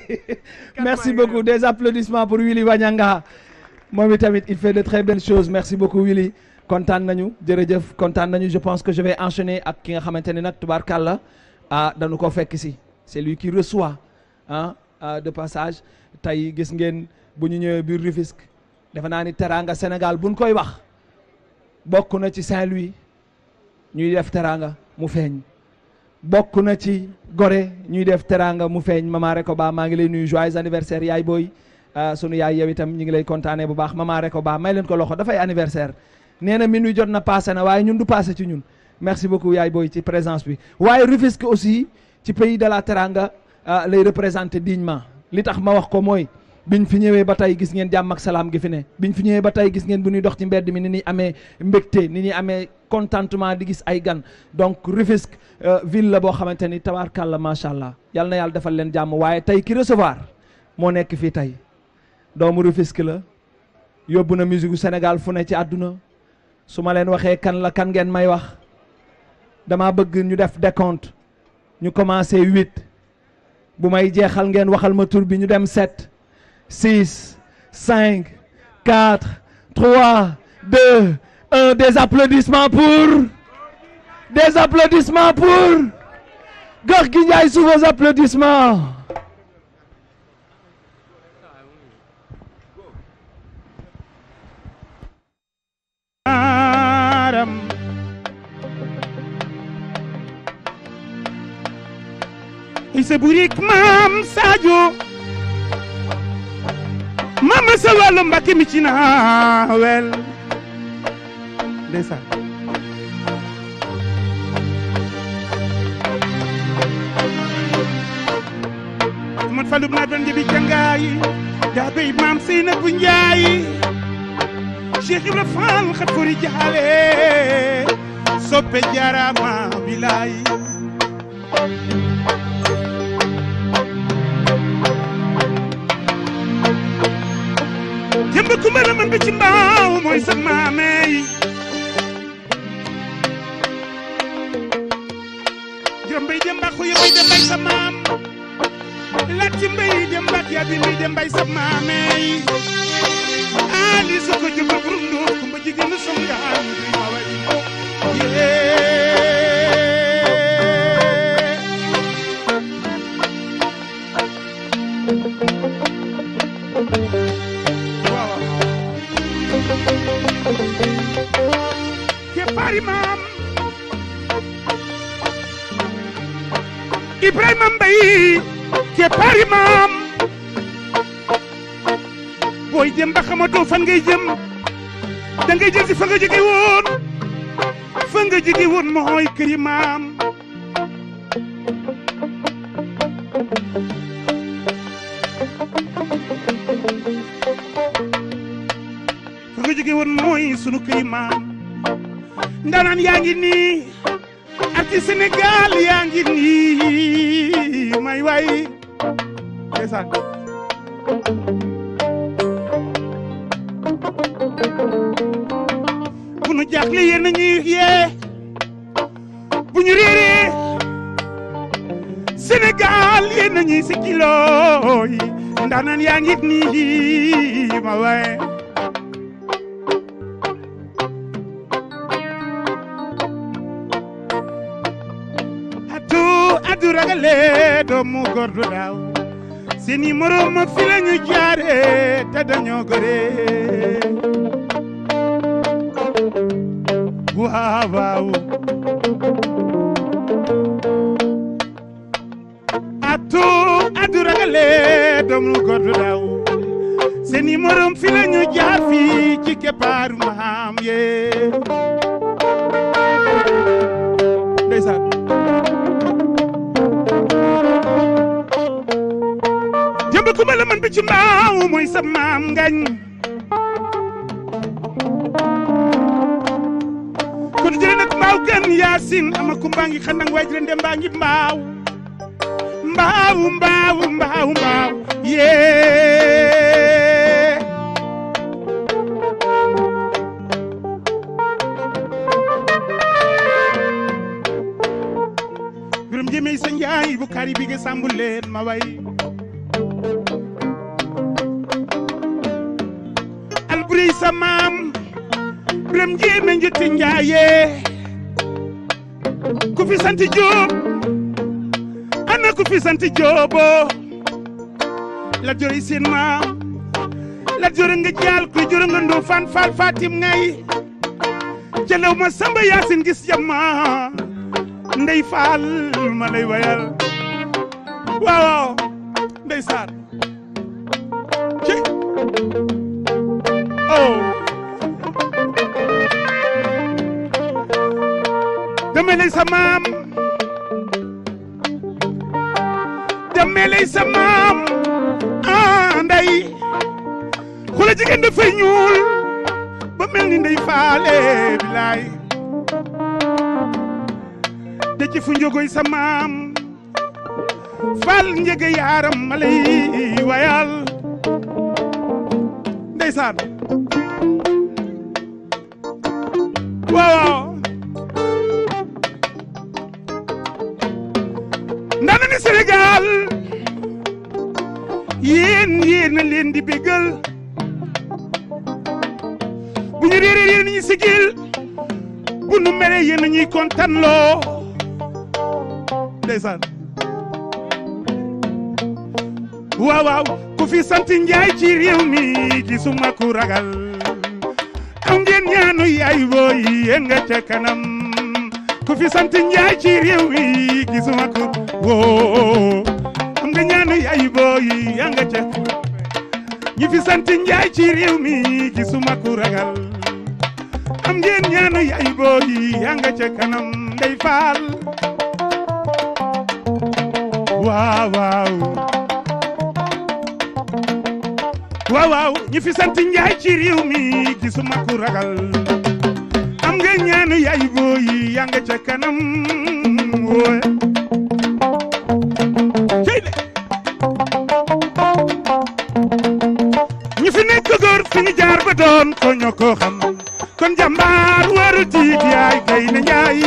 merci beaucoup des applaudissements pour Willy Wanyanga moom il fait de très belles choses merci beaucoup Willy Content nañu jërëjëf kontaan nañu je pense que je vais enchaîner avec ki nga xamanteni nak nag tubaarkàlla ah dañu ko fekk c'est lui qui reçoit hein ah, de passage tay gis ngeen bu ñu ñëwé biir Rufisque defe naa ni Sénégal buñ koy wax bokku na ci Saint-Louis ñuy def teranga mu feñ bokk na ci gore ñuy def teraanga mu feeñ mama ko ba maa ngi lay nuyu joyeux anniversaire yaay booy ah, sunu yaay yow itam ñu ngi lay kontaanee bu baax mama ko baa may leen ko loxo dafay anniversaire nee na minuit jot na passé na waaye ñun du passé ci ñun merci beaucoup yaay booy ci présence bi waaye Rufisque aussi ci pays de la teranga ah, représente représenté dignement li tax ma wax ko mooy biñ fi ñëwee ba tey gis ngeen jàmm ak salaam gi fi ne biñ fi ñëwee ba tey gis ngeen bu ñuy dox ci mbedd mi ni amee mbégte ni ñuy amee contentement di gis ay gan donc rufisque euh, ville la bo xamanteni tabarkallah machallah yalla na yalla defal len jamm waye tay ki recevoir mo nek fi tay doomu rufisque la yobuna musique senegal fune ci aduna suma len waxe kan la kan gen may wax dama bëgg ñu def décompte ñu commencé 8 bu may jéxal ngeen waxal ma tour bi ñu dem 7 6 5 4 3 2 des applaudissements pour. Des applaudissements pour. Gorguignaï sous vos applaudissements. Ise burik mam se Mama sa walom baki michina wel ndeysaan mat falub naa doon njabi jangaayi daa béy maam Seyna bu Njaayi Cheikh Ibra Fall xat fori jaale soppe jaaraama bilaay jëmb kumba la man ba ci mbaaw mooy sa maamey mbay dem ba xuy mbay dem bay sa maam laat ci dem ba yaa di mbay dem bay sa maamey ali su ko jubal burundu kumba jigéenu songaan du ma wari waaw ke pari maam Ibrahima Mbaye te pari maam booy jëm ba xamatoo fan ngay jëm da ngay si fa nga jóge woon nga jóge mooy këri maam nga jóge mooy sunu këri ndaanaan yaa ngi nii ci senegal yaa ngi may way ndeysaan bu nu jaaxle yéen ñi yee bu ñu réeree Sénégal yéen ñuy kilo yi ngi ma way doomu góor du daaw seeni moroom ak fi lañu jaare te dañoo gore waaw waaw atu adu ragale doomu góor du daaw seeni moroom fi lañu jaar fii ci keppaaru maam yee aw mooy sa maam ngañ kon jële nag mbaaw gën yaasin ama kumba ngi xanang waay jële ndem mbaa ngi mbaaw mbaaw mbaaw mbaaw mbaaw yee jëmee sa njaay bu kari bi nga sàmbu leen ma way santi Jóob ana ku fi santi Jóobo Lat Joor seen maam Lat Joor nga jaal kuy Joor faal Fatim ngay jëlaw ma Samba Yaasin gis jamma ndey faal ma lay wayal waaw ndey saar ci oh dama lay sa maam ne lay sa maam ah nday xula jigéen ñuul ba mel ni ndey faale bilaay da ci fu njogoy sa faal njege yaaram ma lay wayal ndeysaan yéen yéen na leen di bégal bu ñu réeree yéen bu nu meree yéen nañuy kontaan loo ndeysaan waaw waaw ku fi sant njaay ci réew mi gisuma ragal am ngeen ñaanu yaay booy yéen ca kanam ku fi sant ci réew mi gisuma woo nga ñaanu yaay booyi ñi fi sant ci réew mi gisuma ku ragal am ngeen ñaanu yaay booyi yaa nga ca kanam ndey faal waaw waaw waaw waaw ñi fi ci réew mi gisuma ragal am ngeen ñaanu yaay booyi yaa nga ca kanam wooy fi jaar ba doon ko ñoo ko xam kon jàmbaar waru tiit yaay gay na njaay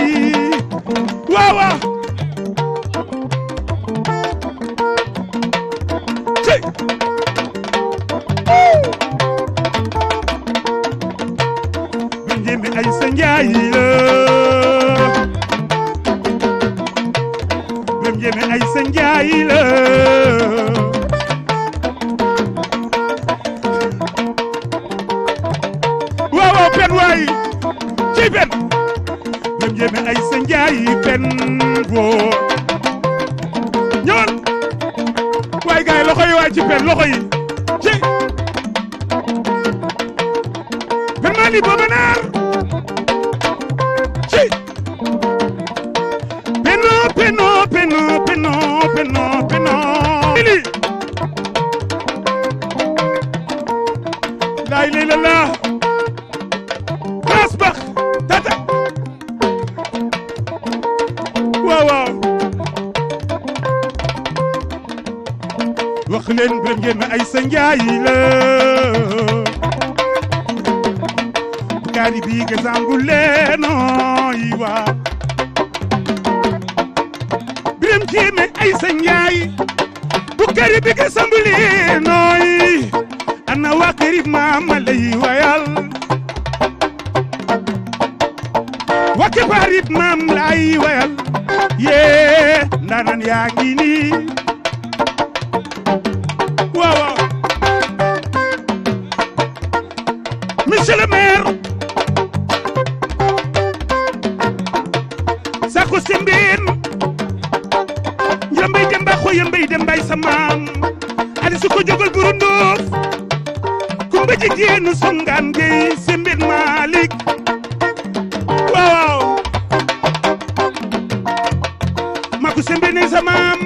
Njànku Sembé nay sa maam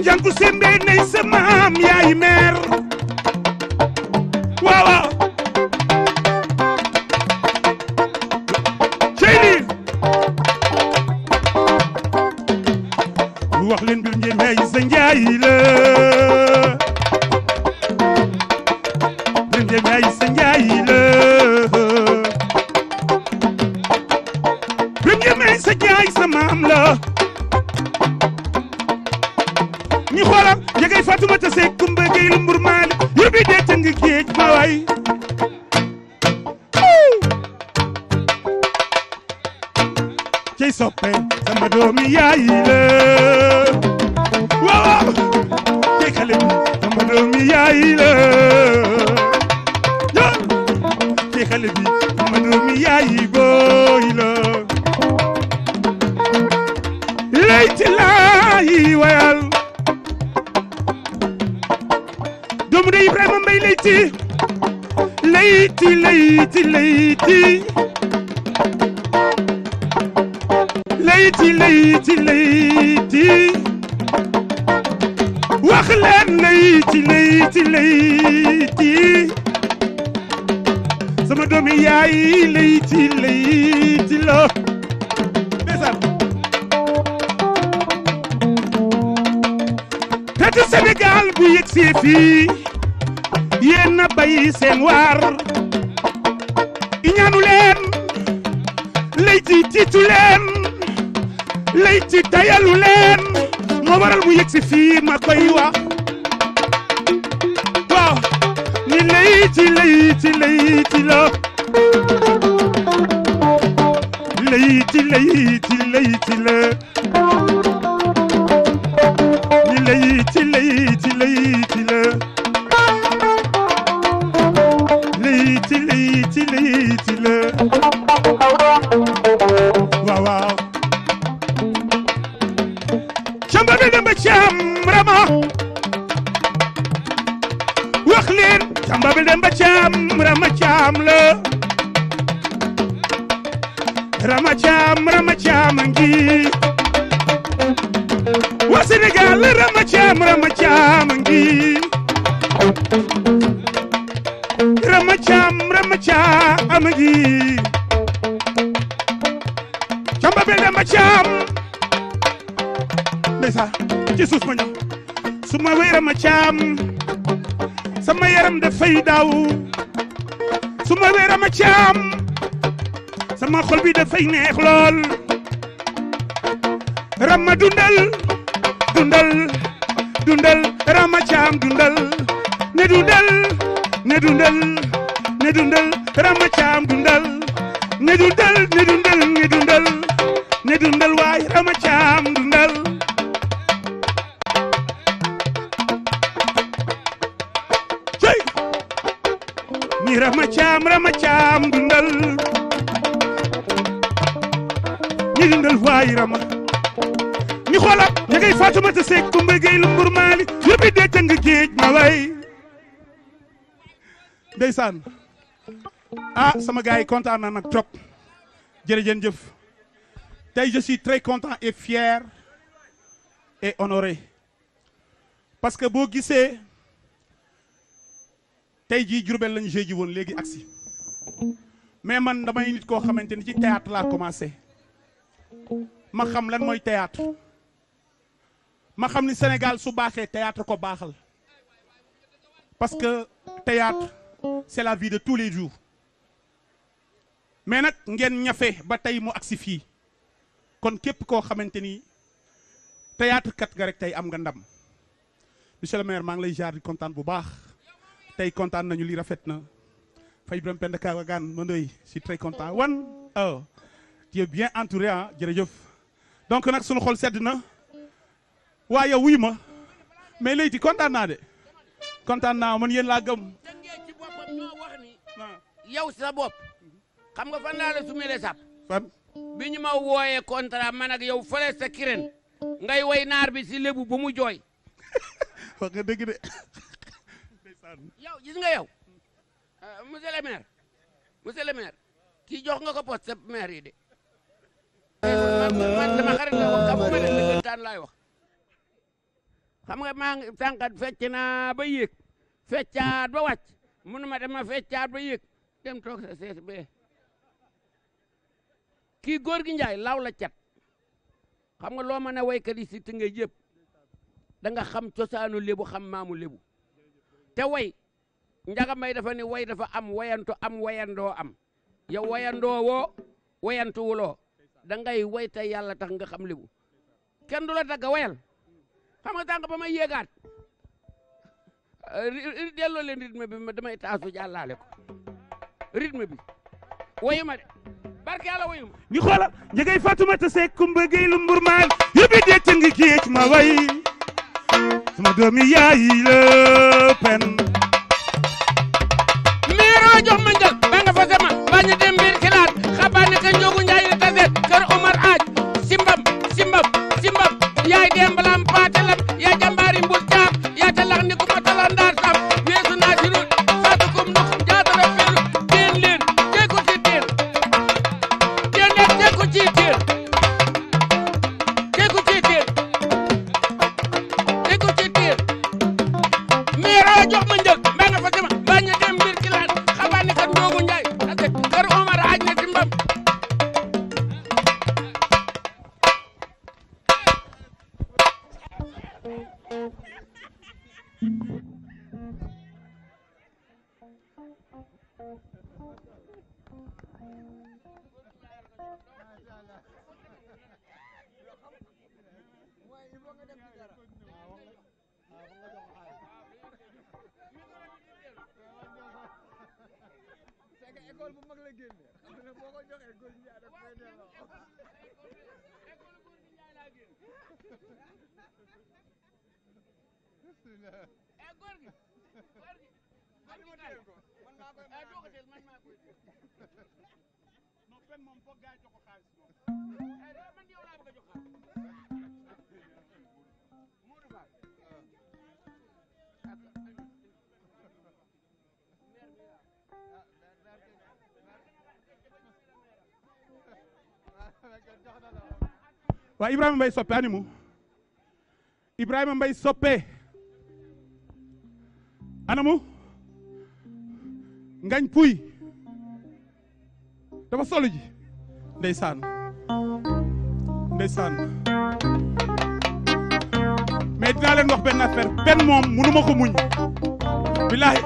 Njànku Sembé nay sa maam yaay meer Rama Thiam dundal ne dundal ne dundal ne dundal Rama Thiam dundal ne dundal ne dundal ne dundal ne dundal waay Rama Thiam dundal cey ni Rama Thiam Rama Thiam dundal ni dundal waay Rama ni xoolal ña ngay Faatumata Seck Kumba Géey lu mbur maali yóbbi dee cang géej ma way ndeysaan ah sama gars yi kontaan na nag trop jën jëf tey je suis très content et fier et honoré parce que boo gisee tey jii Jurbel lañu jee ji woon léegi agsi mais man damay nit koo xamante ni ci théâtre laa commencé ma xam lan mooy théâtre ma xam ni Sénégal su baaxee théâtre ko baaxal parce que théâtre c'est la vie de tous les jours mais nag ngeen ñafe ba tey mu agsi fii kon képp koo xamante ni théâtre kat nga rek tey am nga ndam monsieur le maire maa ngi lay jaar di kontaan bu baax tey kontaan nañu li rafet fay Birame Penda Kaagaan Mandoy je suis très content wan oh tu es bien entouré ah jërëjëf donc nag sunu xol sedd na. waaye wuy ma mais léegi kontaan naa de kontaan naa man yéen laa gëm. tënkee ci boppam ñoo ah. yow sa bopp. nga fan laa la sumele sap. fan bi ñu ma wooyee contrat man ak yow fële sa kiren ngay way naar bi si lébu ba mu jooy. wax nga dëgg de. yow gis nga yow ah, monsieur le maire monsieur le maire kii jox nga ko poste maire yi de. Eh, man dama xarit la wax ka ma leen dëggantaan laay wax. xam nga maa ngi sànqat fecc naa ba yéeg feccaat ba wàcc munu ma dama feccaat ba yéeg dem toog sa sees bee kii góor gi njaay law la cat xam nga loo mën a waykat yi si tënge yëpp da xam cosaanu lébu xam maamu lébu te way njaga may dafa ni way dafa am wayantu am wayandoo am yow wayandoo woo wayantu wuloo da way te yàlla tax nga xam lébu kenn la tagga wayal xam nga tànk ba may yéegaat delloo leen rythme bi ma damay taasu jàllaale ko rythme bi wayu ma de barke yàlla wayu ma ñu xoolal njëgay Fatoumata Seck kumba gay yóbbi dee ca ngi ma way suma doomi yaay la pen miiro jox ma njëg ba nga fa sama baña dem biir kilaat xabaane ka njogu где waaye Ibrahima Mbaye soppe animu Ibrahima Mbaye soppe anamu ngañ puy dafa solu ji ndeysaan ndeysaan mais dinaa leen wax benn affaire benn moom mënuma ko muñ billahi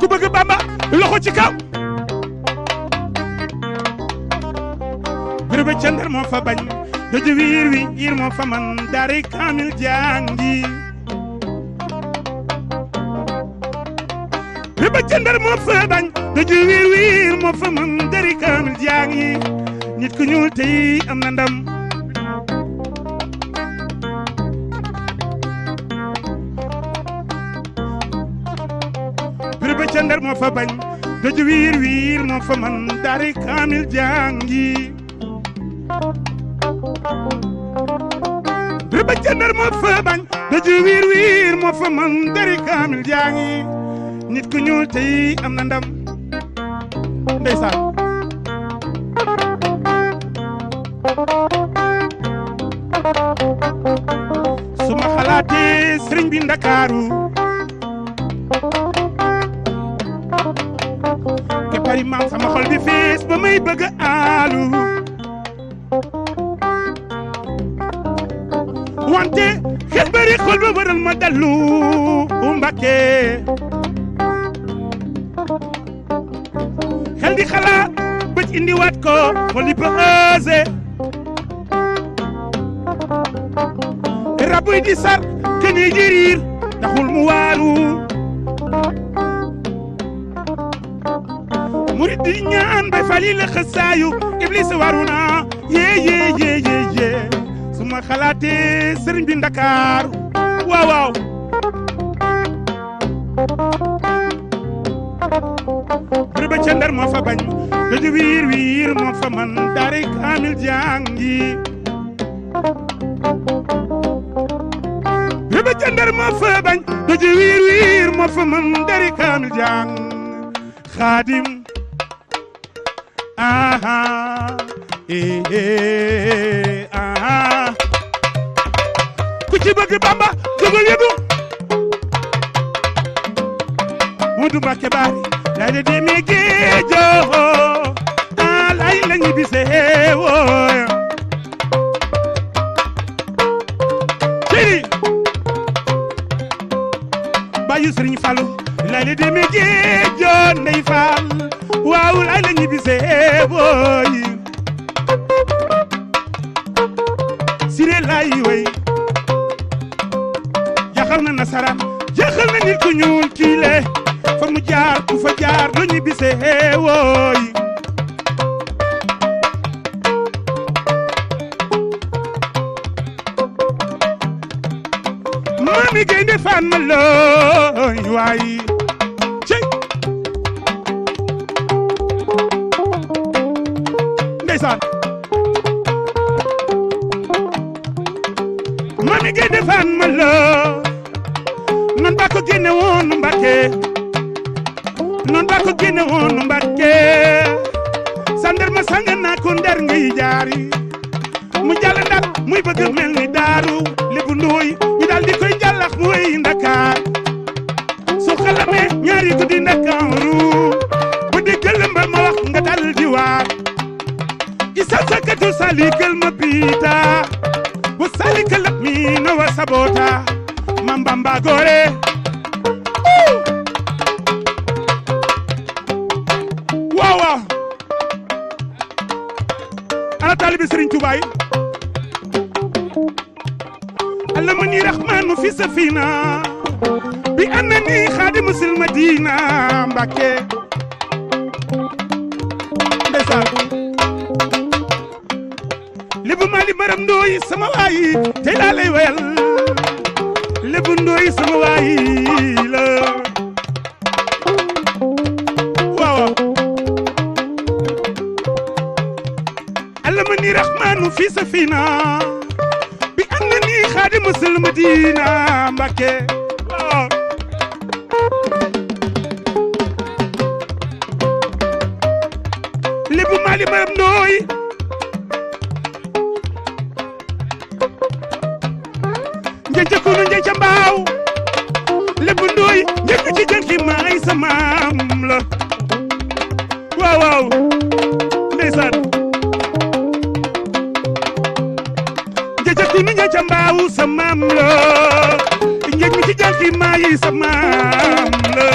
ku Bamba loxo ci kaw bërëb candar moo fa bañ joju wiir wi moo fa dañ joju wiir nit ku ñuul tey am na ndam riba jëndar moo fa bañ joju wiir wiir mo faman dari kamil jangi ba ca Ndar moo fa bañ daju wiir wiir moo fa man dari kaamil jaa ngi nit ku ñuul tey am na ndam ndeysaan su ma xalaatee sëriñ bi ndakaaru ke pari maam sama xol di fees ba may bëgg aalu wante xel bari xol ba waral ma dallu Mbàkke xel di xalaat bëj indiwaat ko xol yi ba ëse rabuy di sar këñ di riir taxul mu waaru murid di ñaan bay fali la xësaayu iblis waru na yee yee yee yee su ma xalaatee sëriñ bi Ndakaaru waaw waaw bërëb ca Ndar bañ gëju wiir wiir moo fa kaamil jàngi bërëb ca Ndar moo bañ gëju wiir wiir moo fa kaamil jàng xaadim aha eh, eh. didn't mean. xalimaam nooy njëcc kunu njëcc mbaaw lépp ndooy njëkk ci jën ki maay sa maam la waaw waaw ndeysaan njëcc kunu njëcc mbaaw sa maam la njëkk ci jën ki maay sa maam la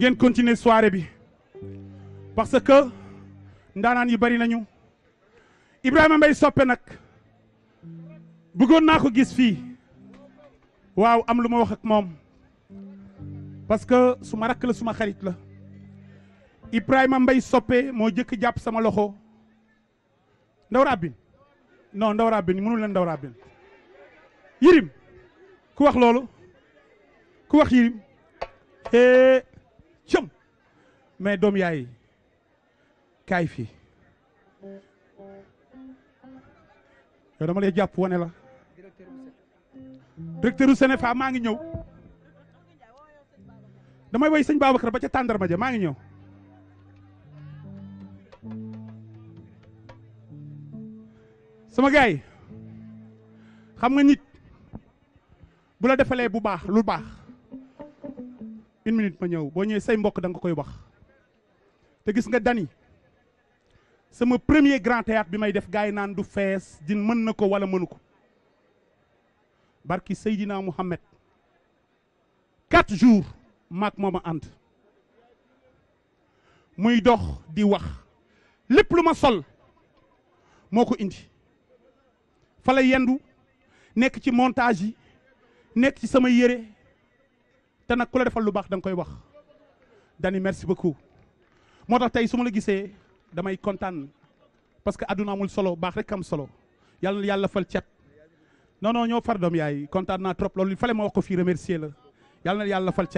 ngeen continuer soirée bi parce que ndanan yu bari nañu Ibrahima Mbaye Sopé nak na ko gis fi waaw am luma wax ak mom parce que suma suma xarit la Ibrahima Mbaye Sopé mo non ndaw rabbin ndaw yirim ku wax ku wax yirim cëm mais doom yaay kaay fii yow dama lay jàpp wane la directeur u Sénéfa maa ngi ñëw damay woy sëñ Babacar ba ca tàndarma ja maa ngi ñëw sama gars xam nga nit bu la defalee bu baax lu baax une minute ma ñëw boo ñëwee say mbokk da nga koy wax te gis nga dani sama premier grand théâtre bi may def gars yi naan du fees din mën na ko wala mënu ko barki Seydina Mouhamed quatre jours maak moom a ànd muy dox di wax lépp lu ma sol moo ko indi fala yendu nekk ci montage yi nekk ci sama yére te remercie dani merci beaucoup motax tay tey la gissé damay contane parce que aduna amul solo bax rek am solo fal non non far yaay trop il ma wax ko remercier la fal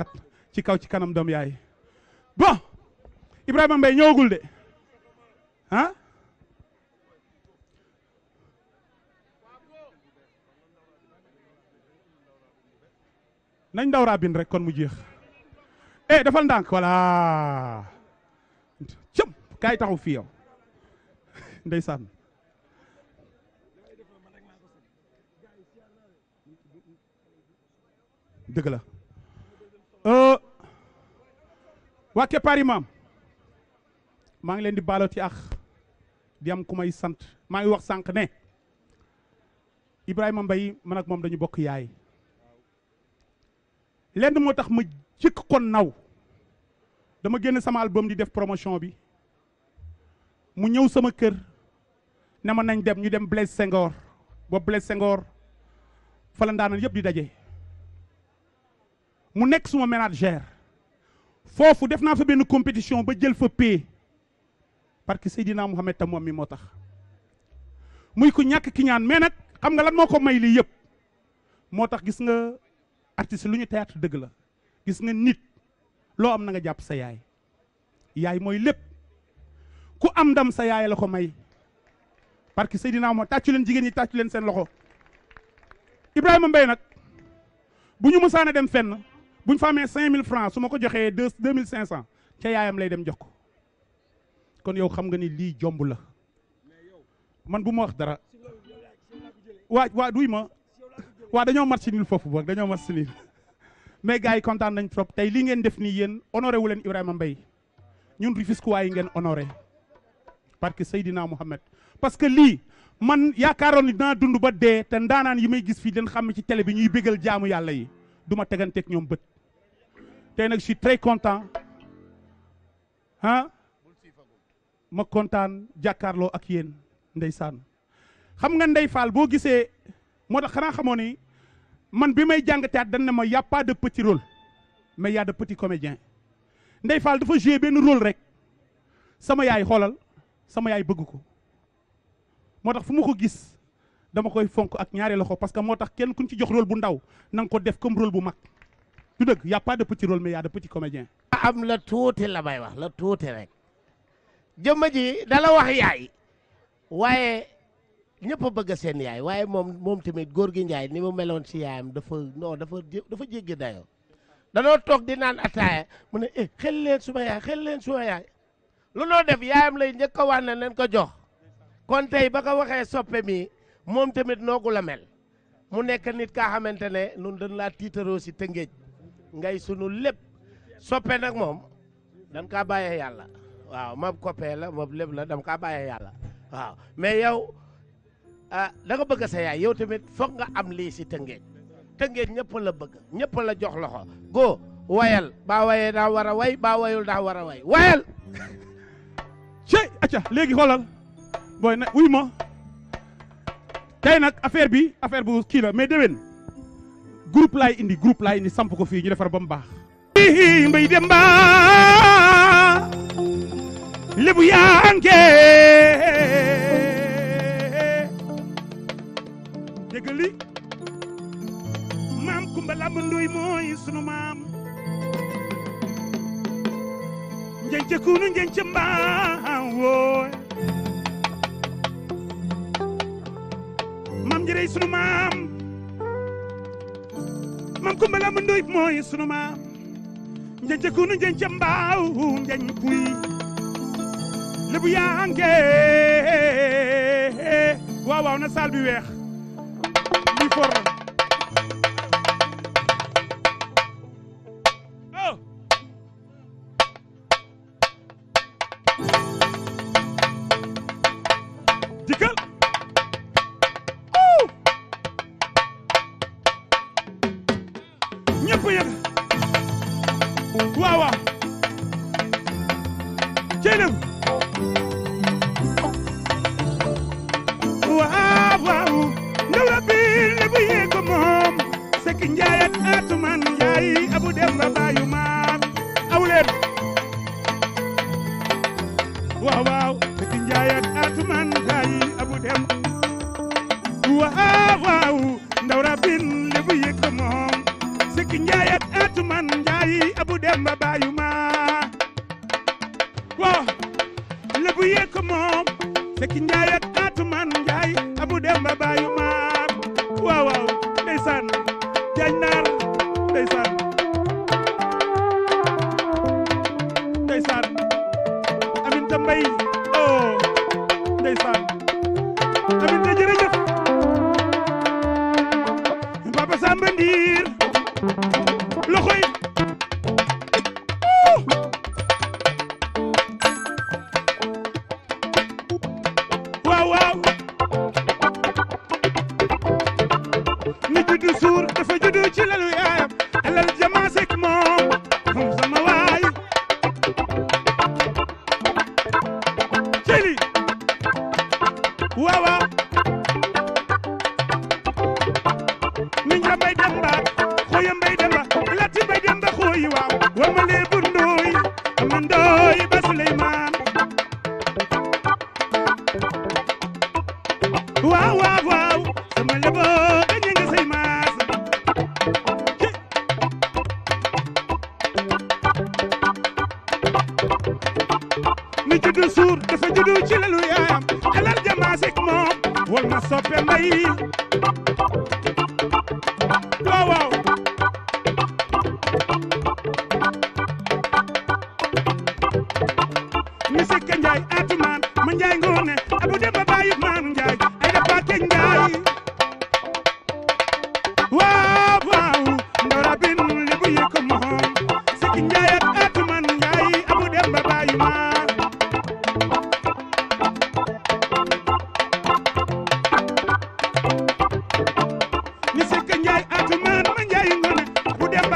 bon Ibrahim nañ daw raabin rek kon mu jeex eh dafal ndànk voilà cëm kaay taxaw fii yow ndeysaan dëgg la euh, waa Keparu Maam maa ngi leen di baalooti ax di am ku may sant maa ngi wax sànq ne Ibrahima mbay man ak moom dañu bokk yaay lenn moo tax ma jëkk kon naw dama génn sama album di def promotion bi mu ñëw sama kër ne ma nañ dem ñu dem Blaise sengoor boobu Blaise Senghor fa la ndaanaan yëpp di daje mu nekk suma ménagère foofu def naa fa benn compétition ba jël fa pay parce que Seydina Mouhamed tam moom mi moo tax muy ku ñàkk kiñaan ñaan mais nag xam nga lan moo ko may lii yëpp moo tax gis nga artiste lu ñu théâtre dëgg la gis nga nit loo am na nga jàpp sa yaay yaay mooy lépp ku am ndam sa yaay la ko may parce que Seydina moo tàccu leen jigéen ñi tàccu leen seen loxo Ibrahima mbay nag bu ñu mësaana dem fenn buñ ñu fa mille francs su ma ko joxee deux deux mille cinq cent ca yaayam lay dem jox ko kon yow xam nga ni lii jomb la man bu ma wax dara waa waa duy ma waa dañoo match nul foofu boog dañoo match nul mais gars yi kontaan nañ trop tey lii ngeen def nii yéen honoré wu leen Ibrahima Mbaye ñun Rufisquois yi ngeen honoré parce que Seydina Mohamed parce que lii man yaakaaroon ni dinaa dund ba dee te ndaanaan yi may gis fii den xam ci tele bi ñuy bégal jaamu yàlla yi du ma teganteeg ñoom bët te nag si suis très content ma kontaan jàkkaarloo ak yéen ndeysaan xam nga Ndey Fall boo gisee moo tax xanaa xamoo ni man bi may jàng théâtre dañ ne ma y' a pas de petit rôle mais y' a de petit comédiens Ndeye Fall dafa jouer ben rôle rek sama yaay xolal sama yaay bëgg ko motax tax fu ko gis dama koy fonk ak ñaari loxo parce que motax tax kenn kuñ ci jox rôle bu ndaw nang ko def comme rôle bu mak du deug y' a pas de petit rôle mais y' a de petit comédiens am la tuuti la bay wax la tuuti rek jëmm ji dala wax yaay waye ñëpp a bëgg seen yaay waaye moom moom tamit góor gi Njaay ni mu meloon si yaayam dafa noo dafa dafa jéggi dayoo danoo toog di naan ataaya mu ne eh xel suma yaay xel leen suma yaay lu noo def yaayam lay njëkk a na leen ko jox kon tey ba ko waxee soppe mi moom tamit noogu la mel mu nekk nit kaa xamante ne nun dañ laa tiitaroo si tëngéej ngay sunu lép soppe nag moom dan kaa bàyyee yàlla waaw mab koppee la mab lép la dam kaa bàyyee yàlla waaw Ah, da nga bëgg sa yaay yow tamit foog nga am lii si tëngeej tëngeej ñëpp la bëgg ñëpp la baa wayee daa war a way baa wayul daa war a way wayal cey acca léegi xoolal booy na wuy ma tey nag affaire bi affaire bu kii la mais déwén groupe laay indi groupe laay indi samp ko fii ñu defar ba mu baax mbay demba lebu yaanke yëgali maam Kumba Lamb Ndoy mooy sunu maam njence kunu njence mbaaw wooy maam njërey sunu maam maam Kumba Lamb Ndoy mooy sunu maam njence kunu njence mbaaw njen puy lebu yaa nge waaw waaw na saal bi weex People. yaay atu naan ma njaay ngone bu dem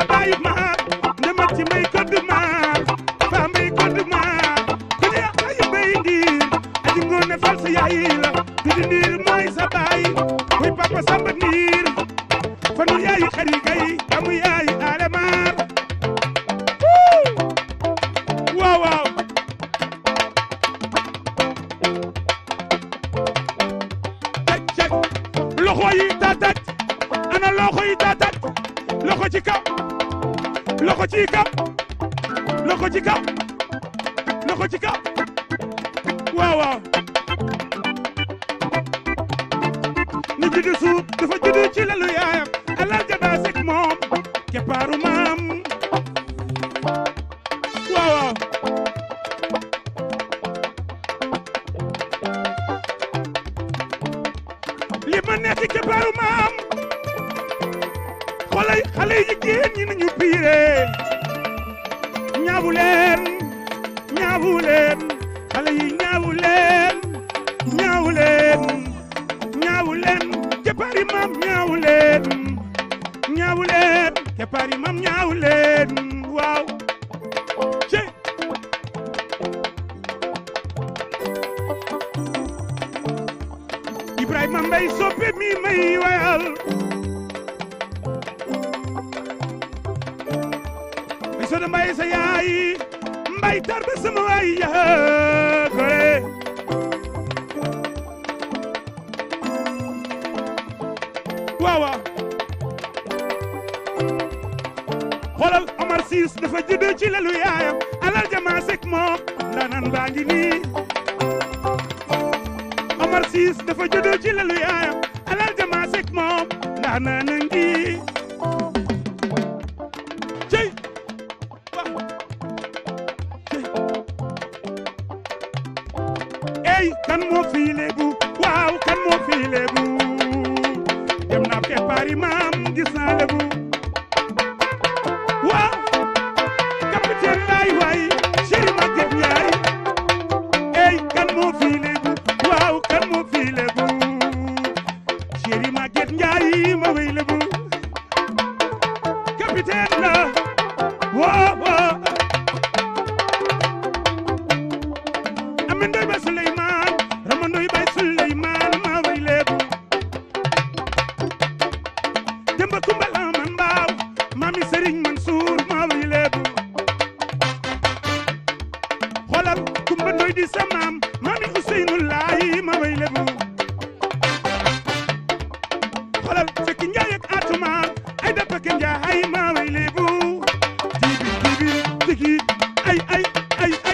I,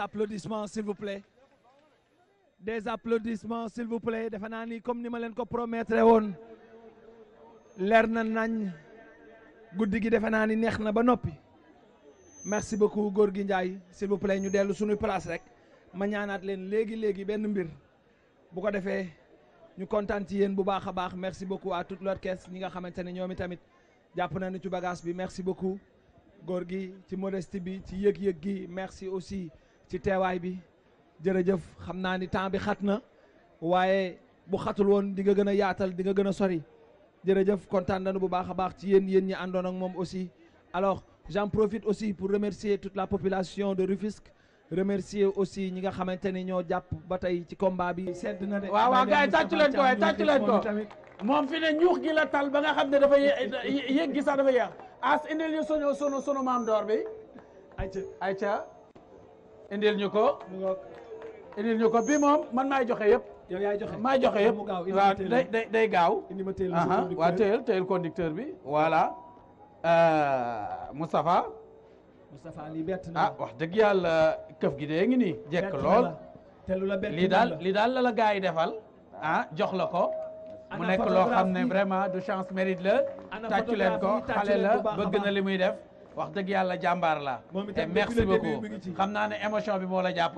applaudissements s'il vous plaît des applaudissements s'il vous plaît Des naa comme nous ma leen ko promettre woon leer na pas guddi gi defe naa ni neex na ba merci beaucoup góor gi Ndiaye s'il vous plaît ñu dellu suñuy place rek ma ñaanaat leen léegi léegi benn mbir bu ko defee ñu kontaan ci yéen bu merci beaucoup à toute l'orchestre Nous nga xamante ne ñoom itamit jàpp nañu ci bagage bi merci beaucoup góor gi ci modestie bi ci yëg-yëg gi merci aussi ci teewaay bi jërëjëf xam ni temps bi xat na waaye bu xatul woon di nga gën a yaatal di nga gën a sori jërëjëf kontaan nañu bu baax a baax ci yéen yéen ñi àndoon ak moom aussi alors j'en profite aussi pour remercier toute la population de Rufisque remercier aussi ñi nga xamante ni ñoo jàpp ba tey ci combat bi sedd na de waaw waaw gars yi tàccu leen ko waaye tàccu leen ko moom fi ne ñuux gi la tal ba nga xam ne dafa yéeg gi sax dafa yeex as indil ñu sunu sunu sunu maam door bi ayca ayca indil ñu ko indil ñu ko bi moom man maay joxe yëpp yow yaay joxe maay joxe yëpp waaw day day day gaaw indi ma teel waaw teel teel conducteur bi voilà euh, Moustapha Moustapha lii bett ah wax dëgg yàlla këf gi dee ngi ni jekk lool te lu la bett lii daal lii daal la la defal ah jox la ko mu nekk loo xam ne vraiment du chance mérite la tàccu leen ko xale la bëgg na li muy def wax dëgg yàlla jàmbaar la et merci beaucoup xam naa ne émotion bi moo la jàpp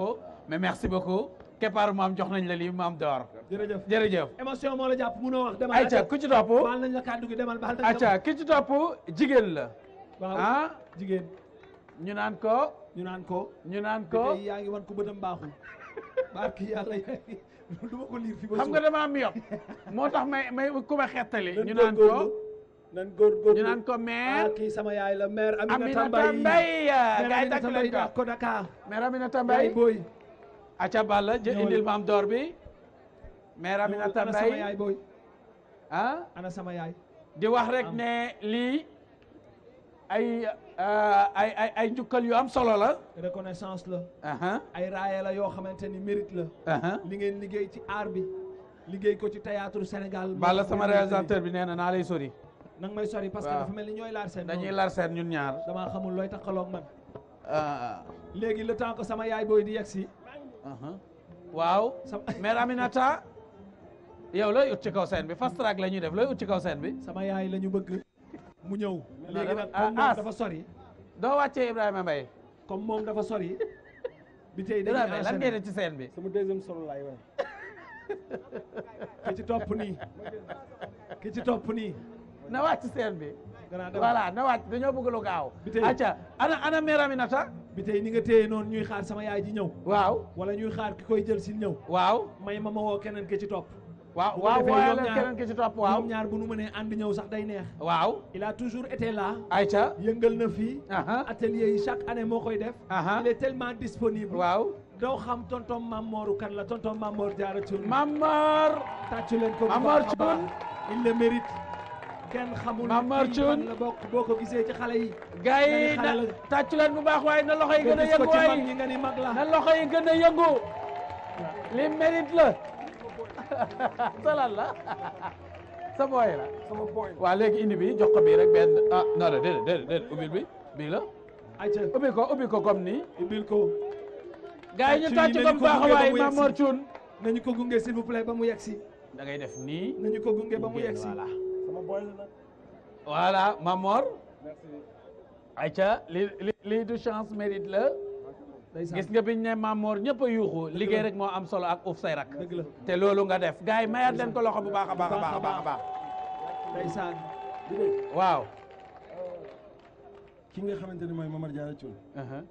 mais merci beaucoup keppaaru maam jox nañ la lii maam door jërëjëf jërëjëf émotion moo la jàpp mënoo wax demal acca ku ci topp la kàddu gi demal baal nañ la acca ki ci topp jigéen la waaw ah jigéen ñu naan ko ñu naan ko ñu naan ko yaa ngi wan ko bëtam baaxul barki yàlla du ma ko liir fi xam nga damaa mi moo tax may may ku ñu naan ko nan góorgóorlu ñu naan ko maire ah, kii sama yaay la maire Aminata Mbaye Aminata Mbaye eh, gaay tàggu leen ko ko Dakar maire Aminata Mbaye booy aca balla jë indil maam door bi maire Aminata Mbaye sama yaay booy ah ana sama yaay di wax rek ne lii ay eh, ay ay ay njukkal yu am solo la reconnaissance la ay raaya la yoo xamante ni mérite la li ngeen liggéey ci art bi liggéey ko ci théâtre Sénégal balla sama réalisateur bi nee na naa lay sori nang may sori parce que dafa melni ñoy lar sen dañuy lar sen ñun ñaar dama xamul looy takkaloog man ah, ah. legui le temps ko sama yaay boy di yegsi waaw mère Aminata yow loy ut ci kaw seen bi fast track la def loy ut ci kaw seen bi sama yaay lañu bëgg mu ñew legui nak comme ah, dafa sori do wacce Ibrahima mbay comme mom dafa sori bi tey dañuy lan ngeen ci sen bi sama deuxième solo lay waay ki ci top ni ki ci top ni na wàcc seen bi voilà na wàcc dañoo bëgg lu gaaw acca ana ana meram nata bi tey ni nga téye noon ñuy xaar sama yaay ji ñëw waaw wala ñuy xaar ki koy jël si ñëw waaw may ma ma woo keneen ki ci top waaw waaw woo leen keneen ke waaw ñaar bu nu mënee ànd ñëw sax day neex waaw il a toujours été là ayca yëngal na fii atelier yi chaque année moo koy def il est tellement disponible waaw doo xam tonton Mamor kan la tonton Mamor jaara Thioune Mamor tàccu leen ko Mamor Thioune il le mérite kenn xamul maam Mar Thioune boo ko gisee ci xale yi gars yi na bu baax waaye na loxo yi gën a yëngu waaye na loxo yi gën a yëngu li la salal la sa booy waa sama booy waaw léegi indi bi jox ko bii rek benn ah non bi bii la ayca ubbil ko ubbil ni comme ko gars yi ñu tàcc ko bu baax waaye maam Mar Thioune nañu ko gunge s'il vous ba mu yegsi da ngay def nii nañu ko gunge ba mu yegsi voilà voilà Mamor. ayca li li lii du chance mérite la. gis nga biñ ne Mamor ñëpp a yuuxu liggéey rek moo am solo ak uuf say rak. te loolu nga def gars yi mayaat leen ko loxo bu baax a baax a baax a baax a baax. ndeysaan waaw. nga xamante ne mooy Mamar Diarra Thioune. Uh-huh.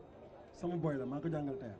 sama la maa ko jàngal tayar.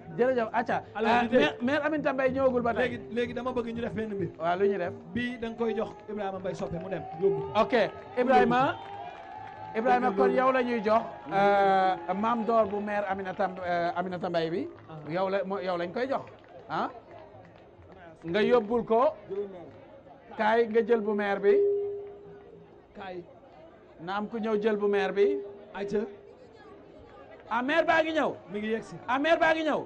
jërëjëf acca euh, maire Aminata Mbaye ñëwagul ba tey léegi léegi dama bëgg ñu def benn mbir waa lu ñu def bii da koy jox Ibrahima Mbaye soppe mu dem ok Ibrahima Ibrahima kon yow la jox euh, maam door bu maire Aminata euh, Aminata Mbaye bi ah. yow la yow lañ koy jox ah nga yóbbul ko kaay nga jël bu maire bi kaay am ku ñëw jël bu meer bi a ah, maire baa ngi ñëw mi ngi yegsi a ah, maire baa ngi ñëw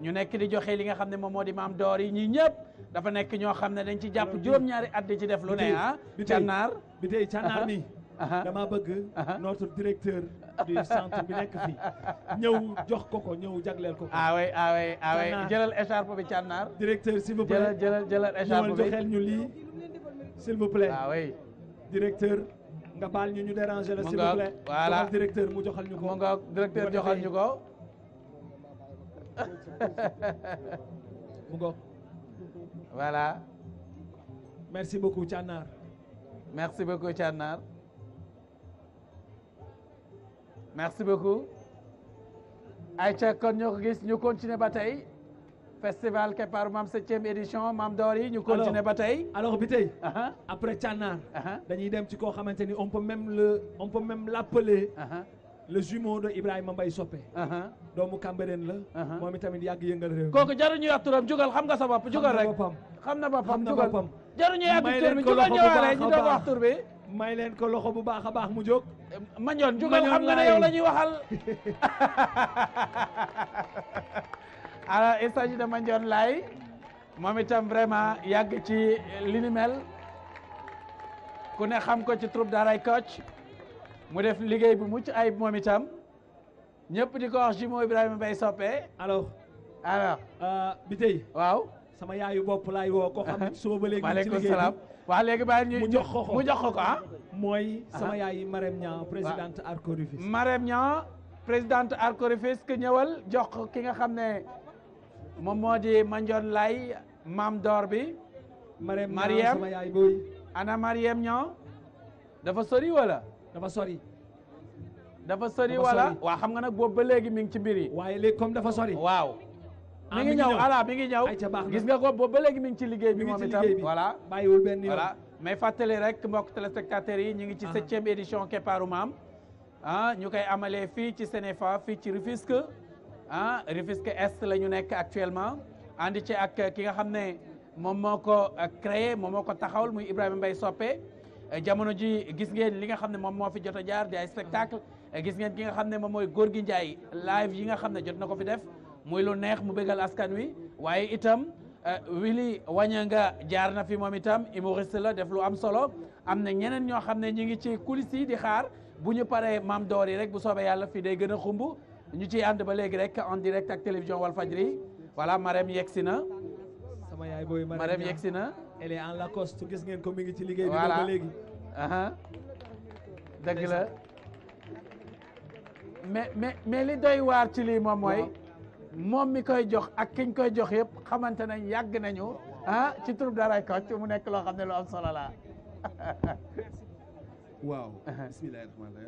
ñu nekk di joxe li nga xam ne moom moo di maam door yi ñii ñëpp dafa nekk ñoo xam ne dañ ci jàpp juróom-ñaari at di ci def lu ne ah cànnaar bi tey cànnaar nii dama bëgg notre directeur du centre bi nekk fii ñëw jox ko ko ñëw jagleel ko ko ah oui ah ah jëlal écharpe bi cànnaar directeur s'il vous plaît jëlal jëlal jëlal ñu lii s'il vous ah directeur nga baal ñu ñu déranger la s'il vous plaît voilà directeur mu joxal ñu ko mu ngoog joxal ñu ko voilà. merci beaucoup Tchannar. merci beaucoup Tchannar. merci beaucoup. Aïcha kon nous continuons gis ñu continuer Kepar tey. 7ème édition Maam Dori ñu continuer bataille. alors bataille. Uh-huh. après Tchannar, uh-huh. on peut même l'appeler. Uh-huh. le jumeau de Ibrahima Mbaye Soppe. doomu Cambérène la. moom itamit yàgg yëngal réew. kooku jaruñu yàq turam jugal xam nga sa bopp jugal rek. xam na boppam jugal jaruñu yàq tur bi jugal ñëwaale ñu doon wax tur bi. may leen ko loxo bu baax a baax mu jóg. mañoon jugal xam nga ne yow la ñuy waxal. alors il s'agit de Mandione Laye moom itam vraiment yàgg ci li ni mel ku ne xam ko ci troupe daaray coach mu def liggéey bi mucc ay moom itam ñëpp di ko wax jumeau Ibrahima Mbaye Sopé alors alors euh, bi waaw sama yaayu bopp laay woo ko xam suba ba léegi waaleykum salaam waaw mu jox ko mu jox ah mooy sama yaayi Marème Niang présidente Arco Rufisque Marème présidente Arco Rufisque ñëwal jox ki nga xam ne moom moo di Mandione Laye maam door bi Marème Marème ana Marème Niang dafa sori wala dafa sori. dafa sori wala waa xam nga nag boobu ba léegi mi ngi ci mbir yi. waaye léegi comme dafa sori. waaw. Ah, mi ngi ñëw ala mi ngi ñëw gis nga ko boobu ba léegi mi ngi ci liggéey bi moom itam voilà bàyyiwul benn yoon voilà mais fàttali rek mbokk téléspectateurs yi ñu ngi ci ah. septième édition Keppaaru Maam ah ñu koy amalee fii ci Sénéfa fii ci Rufisque ah Rufisque Est la ñu nekk actuellement ànd ci ak ki nga xam ne moom moo ko créé moom moo ko taxawal muy Ibrahima Mbaye Soppe Eh, jamono ji gis ngeen li nga xam ne moom moo fi jot a jaar di ay eh, ki nga xam ne moom mooy góor gi Njaay live yi nga xam ne jot na ko fi def muy lu neex mu bégal askan wi waaye itam eh, Willy Wañanga jaar na fi moom itam humoriste la def lu am solo am na ñeneen ñoo xam ne ñu ngi ci coulisses di xaar bu ñu paree maam door rek bu soobee yàlla fii day gën a xumb ñu ciy ànd ba léegi rek en direct ak télévision Walfadjri voilà Marème yegsi na. sama yaay booy Marème yegsi na. elle est en Lacoste gis ngeen ko mi ngi ci liggéey bi ba léegi aha dëgg la mais mais mais li doy waar ci lii moom mooy moom mi koy jox ak kiñ koy jox yépp xamante nañ yàgg nañu ah ci troupe daray Kocc mu nekk loo xam ne lu am solo la waaw bismillahi rahmaani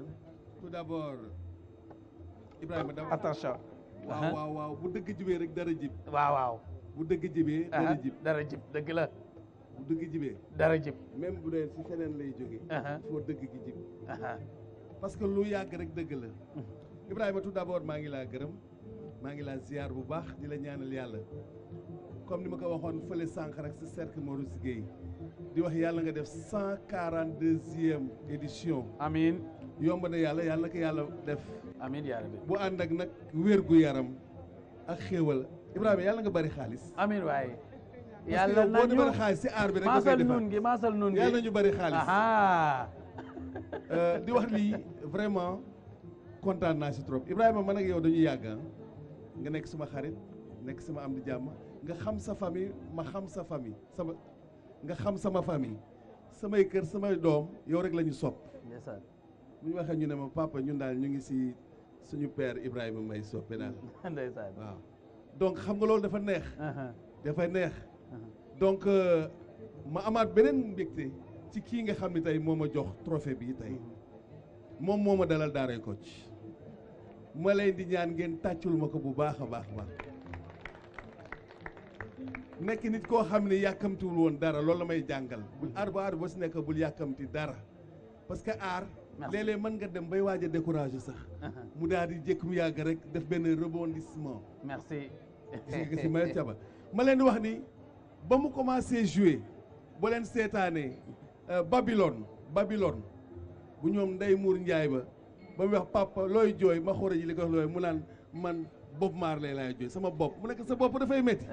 bu dëgg jibee rek dara jib waaw waaw bu dëgg jibee dara jib dara jib dëgg bu dëgg jibee dara jib même bu dee si feneen lay jógee foo dëgg gi jib parce que lu yàgg rek dëgg la mhm. Ibrahima tout d'abord maa ngi laa gërëm maa ngi laa ziar bu baax di la ñaanal yàlla comme ni ma ko waxoon fële sànq rek si cercle Maurice Guèye di wax yàlla nga def cent quarante deuxième édition amiin yomb na yàlla yàlla ko yàlla def amin yaa rabbi bu ànd ak nag wér gu yaram ak xéewal Ibrahima yàlla nga bari xaalis amiin waaye yàlla na ñu xaalis si aar bi rek maasal nun gi maasal nun gi yàlla na ñu bëri xaalis euh, di wax lii vraiment kontaan naa si trop Ibrahima ma ak yow dañu yàgg ah. nga nekk suma xarit nekk sama am di jàmm nga xam sa famille ma xam sa famille sama nga xam sama famille samay kër samay doom yow rek la ñu sopp bu ñu waxee ñu ne ma papa ñun daal ñu ngi si suñu père Ibrahima Mbaye soppe daal waaw donc xam nga loolu dafa neex dafa neex donc euh, ma amaat beneen mbégte ci kii nga xam ne tey moo ma jox trophée bii tey moom moo ma dalal daaray Kocc ma leen di ñaan ngeen tàccul ma ko bu baax a baax a nekk nit koo xam ne yàkkamtiwul woon dara lool la may jàngal bul aar ba aar ba si nekk bul yàkkamti dara parce que aar léeg-léeg mën nga dem bay waaj a sax mu daal di jékk mu yàgg rek def benn rebondissement merci si may caba ma leen di wax ni ba mu commencé jouer boo leen seetaanee euh, Babylone Babylone bu ñoom ndey Mour njaay ba ba mu wax papa jooy ma xore ji li ko wax mu naan man Bob maar laay jooy sama bopp mu nekk sa bopp dafay métti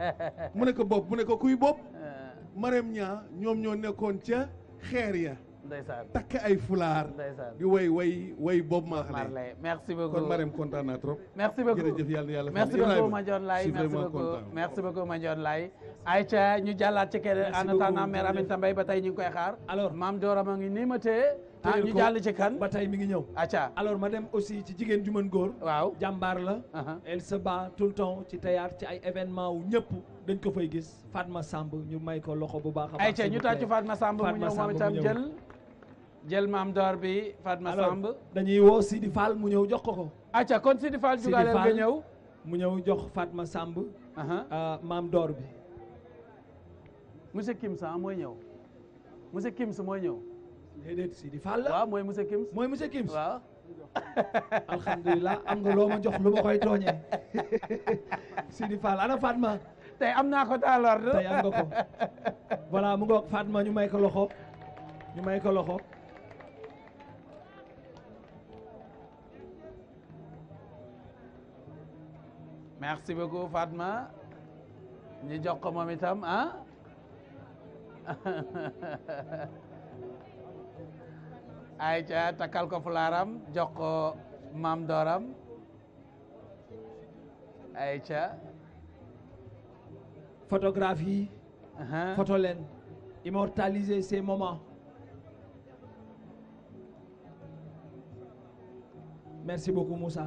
mu nekk bopp mu nekk kuy bopp ah. Marème ñaa ñoom ñoo nekkoon ca xeer ya ndeysaan takk ay fulaar. ndeysaan di way way way Bob Marley. merci beaucoup kon Marème kontaan naa trop. merci beaucoup jërëjëf yàlla yàlla merci beaucoup Madione Laye merci beaucoup merci ñu jàllaat ci keneen en attendant mère Aminata Mbaye ba tey ñu ngi koy xaar. alors maam Dora ma ngi nii ma tee. ah ñu jàll ci kan ba tey mi ngi ñëw. acca alors ma dem aussi ci jigéen ju mën góor. waaw jàmbaar la. Uh-huh. elle se bat tout le temps ci théâtre ci ay événement wu ñëpp dañ ko fay gis Fatma Samb ñu may ko loxo bu baax a baax. ayca ñu tàcc Fatma Samb mu ñëw moom itam jël. jël maam door bi Fatma Samb dañuy woo Sidi Fall mu ñëw jox ko ko acca kon Sidi Fall jugaleel nga ñëw mu ñëw jox Fatma Samb ah, maam door bi monsieur Kim ah mooy ñëw monsieur Kims mooy ñëw déedéet Sidi Fall la waaw mooy monsieur Kim. mooy monsieur Kim. waaw alhamdulilah am nga loo ma jox lu ma koy tooñee Sidi Fall ana Fatma tey am naa ko dans l'ordre tey am nga ko voilà mu ngoog Fatma ñu may ko loxo ñu may ko loxo merci beaucoup Fatma ñu jox ko ah ayca takkal ko fulaaram jox maam dooram ayca photographie photo leen immortaliser ces moments merci beaucoup Moussa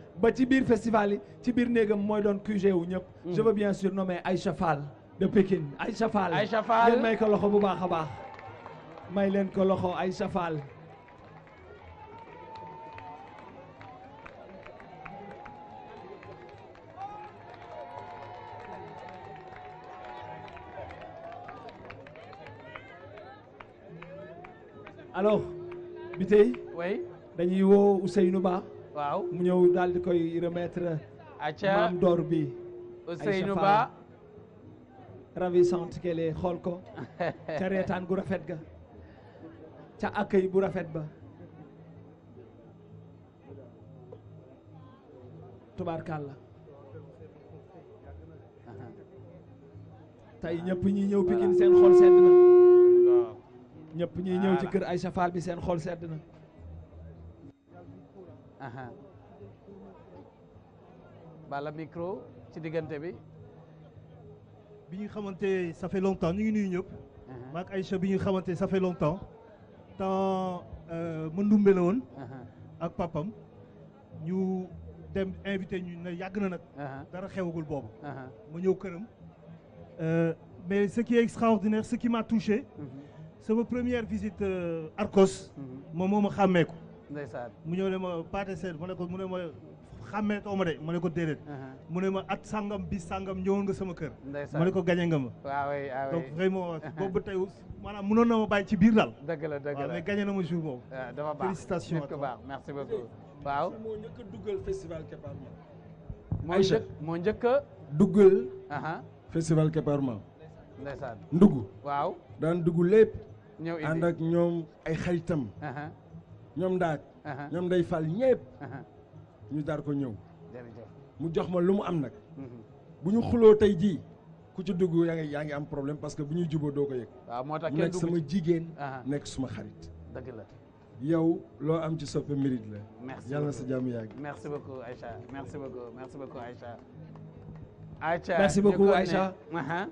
ba festival ci QG mm. je veux bien sûr nommer Aïcha Fall de Pékin Aïcha Fall. Aïcha Fall may Aïcha alors Bitey, oui waaw mu ñëw daal di koy remettre. acca maam door bi. Ousseynou Ba ravissante kele xool ko ca reetaan gu rafet ga ca accueil bu rafet ba la tey ñëpp ñi ñëw Pikine seen xool sedd na ñëpp ñi ñëw ci kër ay Fall bi seen xool sedd na aha la micro ci diggante bi bi ñu ça fait longtemps ñu ngi nuyu ñëpp maak Aïcha bi ça fait longtemps temps euh, ma ndumbe la woon ak papam ñu dem invité ñu ne yàgg na nag dara xewagul boobu euh, mais ce qui est extraordinaire ce qui m'a touché c'est mhm. ma première visite euh, Arcos mon mhm. moment ma ndeysaan mu ñëw ne ma Pathé Sène ma ne ko mu ne ma xàmmeetoo ma de ma ne ko déedéet uh-huh. mu ne ma at sàngam bi sàngam ñëwoon nga sama kër ma ne ko gañe nga ma waaw donc vraiment boobu tey maanaam mënoon na ma bàyyi ci biir daal dëgg la dëgg la mais gañe na ma jour boobu ah, dafa baax moo njëkk a duggal festival Képar ma moo njëkk moo njëkk a uh-huh. ma ndeysaan ndugg waaw daan dugg lépp ñëw ak ñoom ay xaritam uh-huh. ñom daag ñom day fal ñepp ñu dar ko ñew mu jox ma lu mu am nak mhm. bu ñu xuloo tey ku ci dugg ya nga am problème parce que bu ñuy juboo doo ko yek wa moo tax nekk sama jigen nek suma xarit deug la yow lo am ci soppe mérite la yàlla na sa jamm yàgg merci beaucoup Aïcha merci beaucoup merci beaucoup Aïcha Aïcha merci beaucoup Aïcha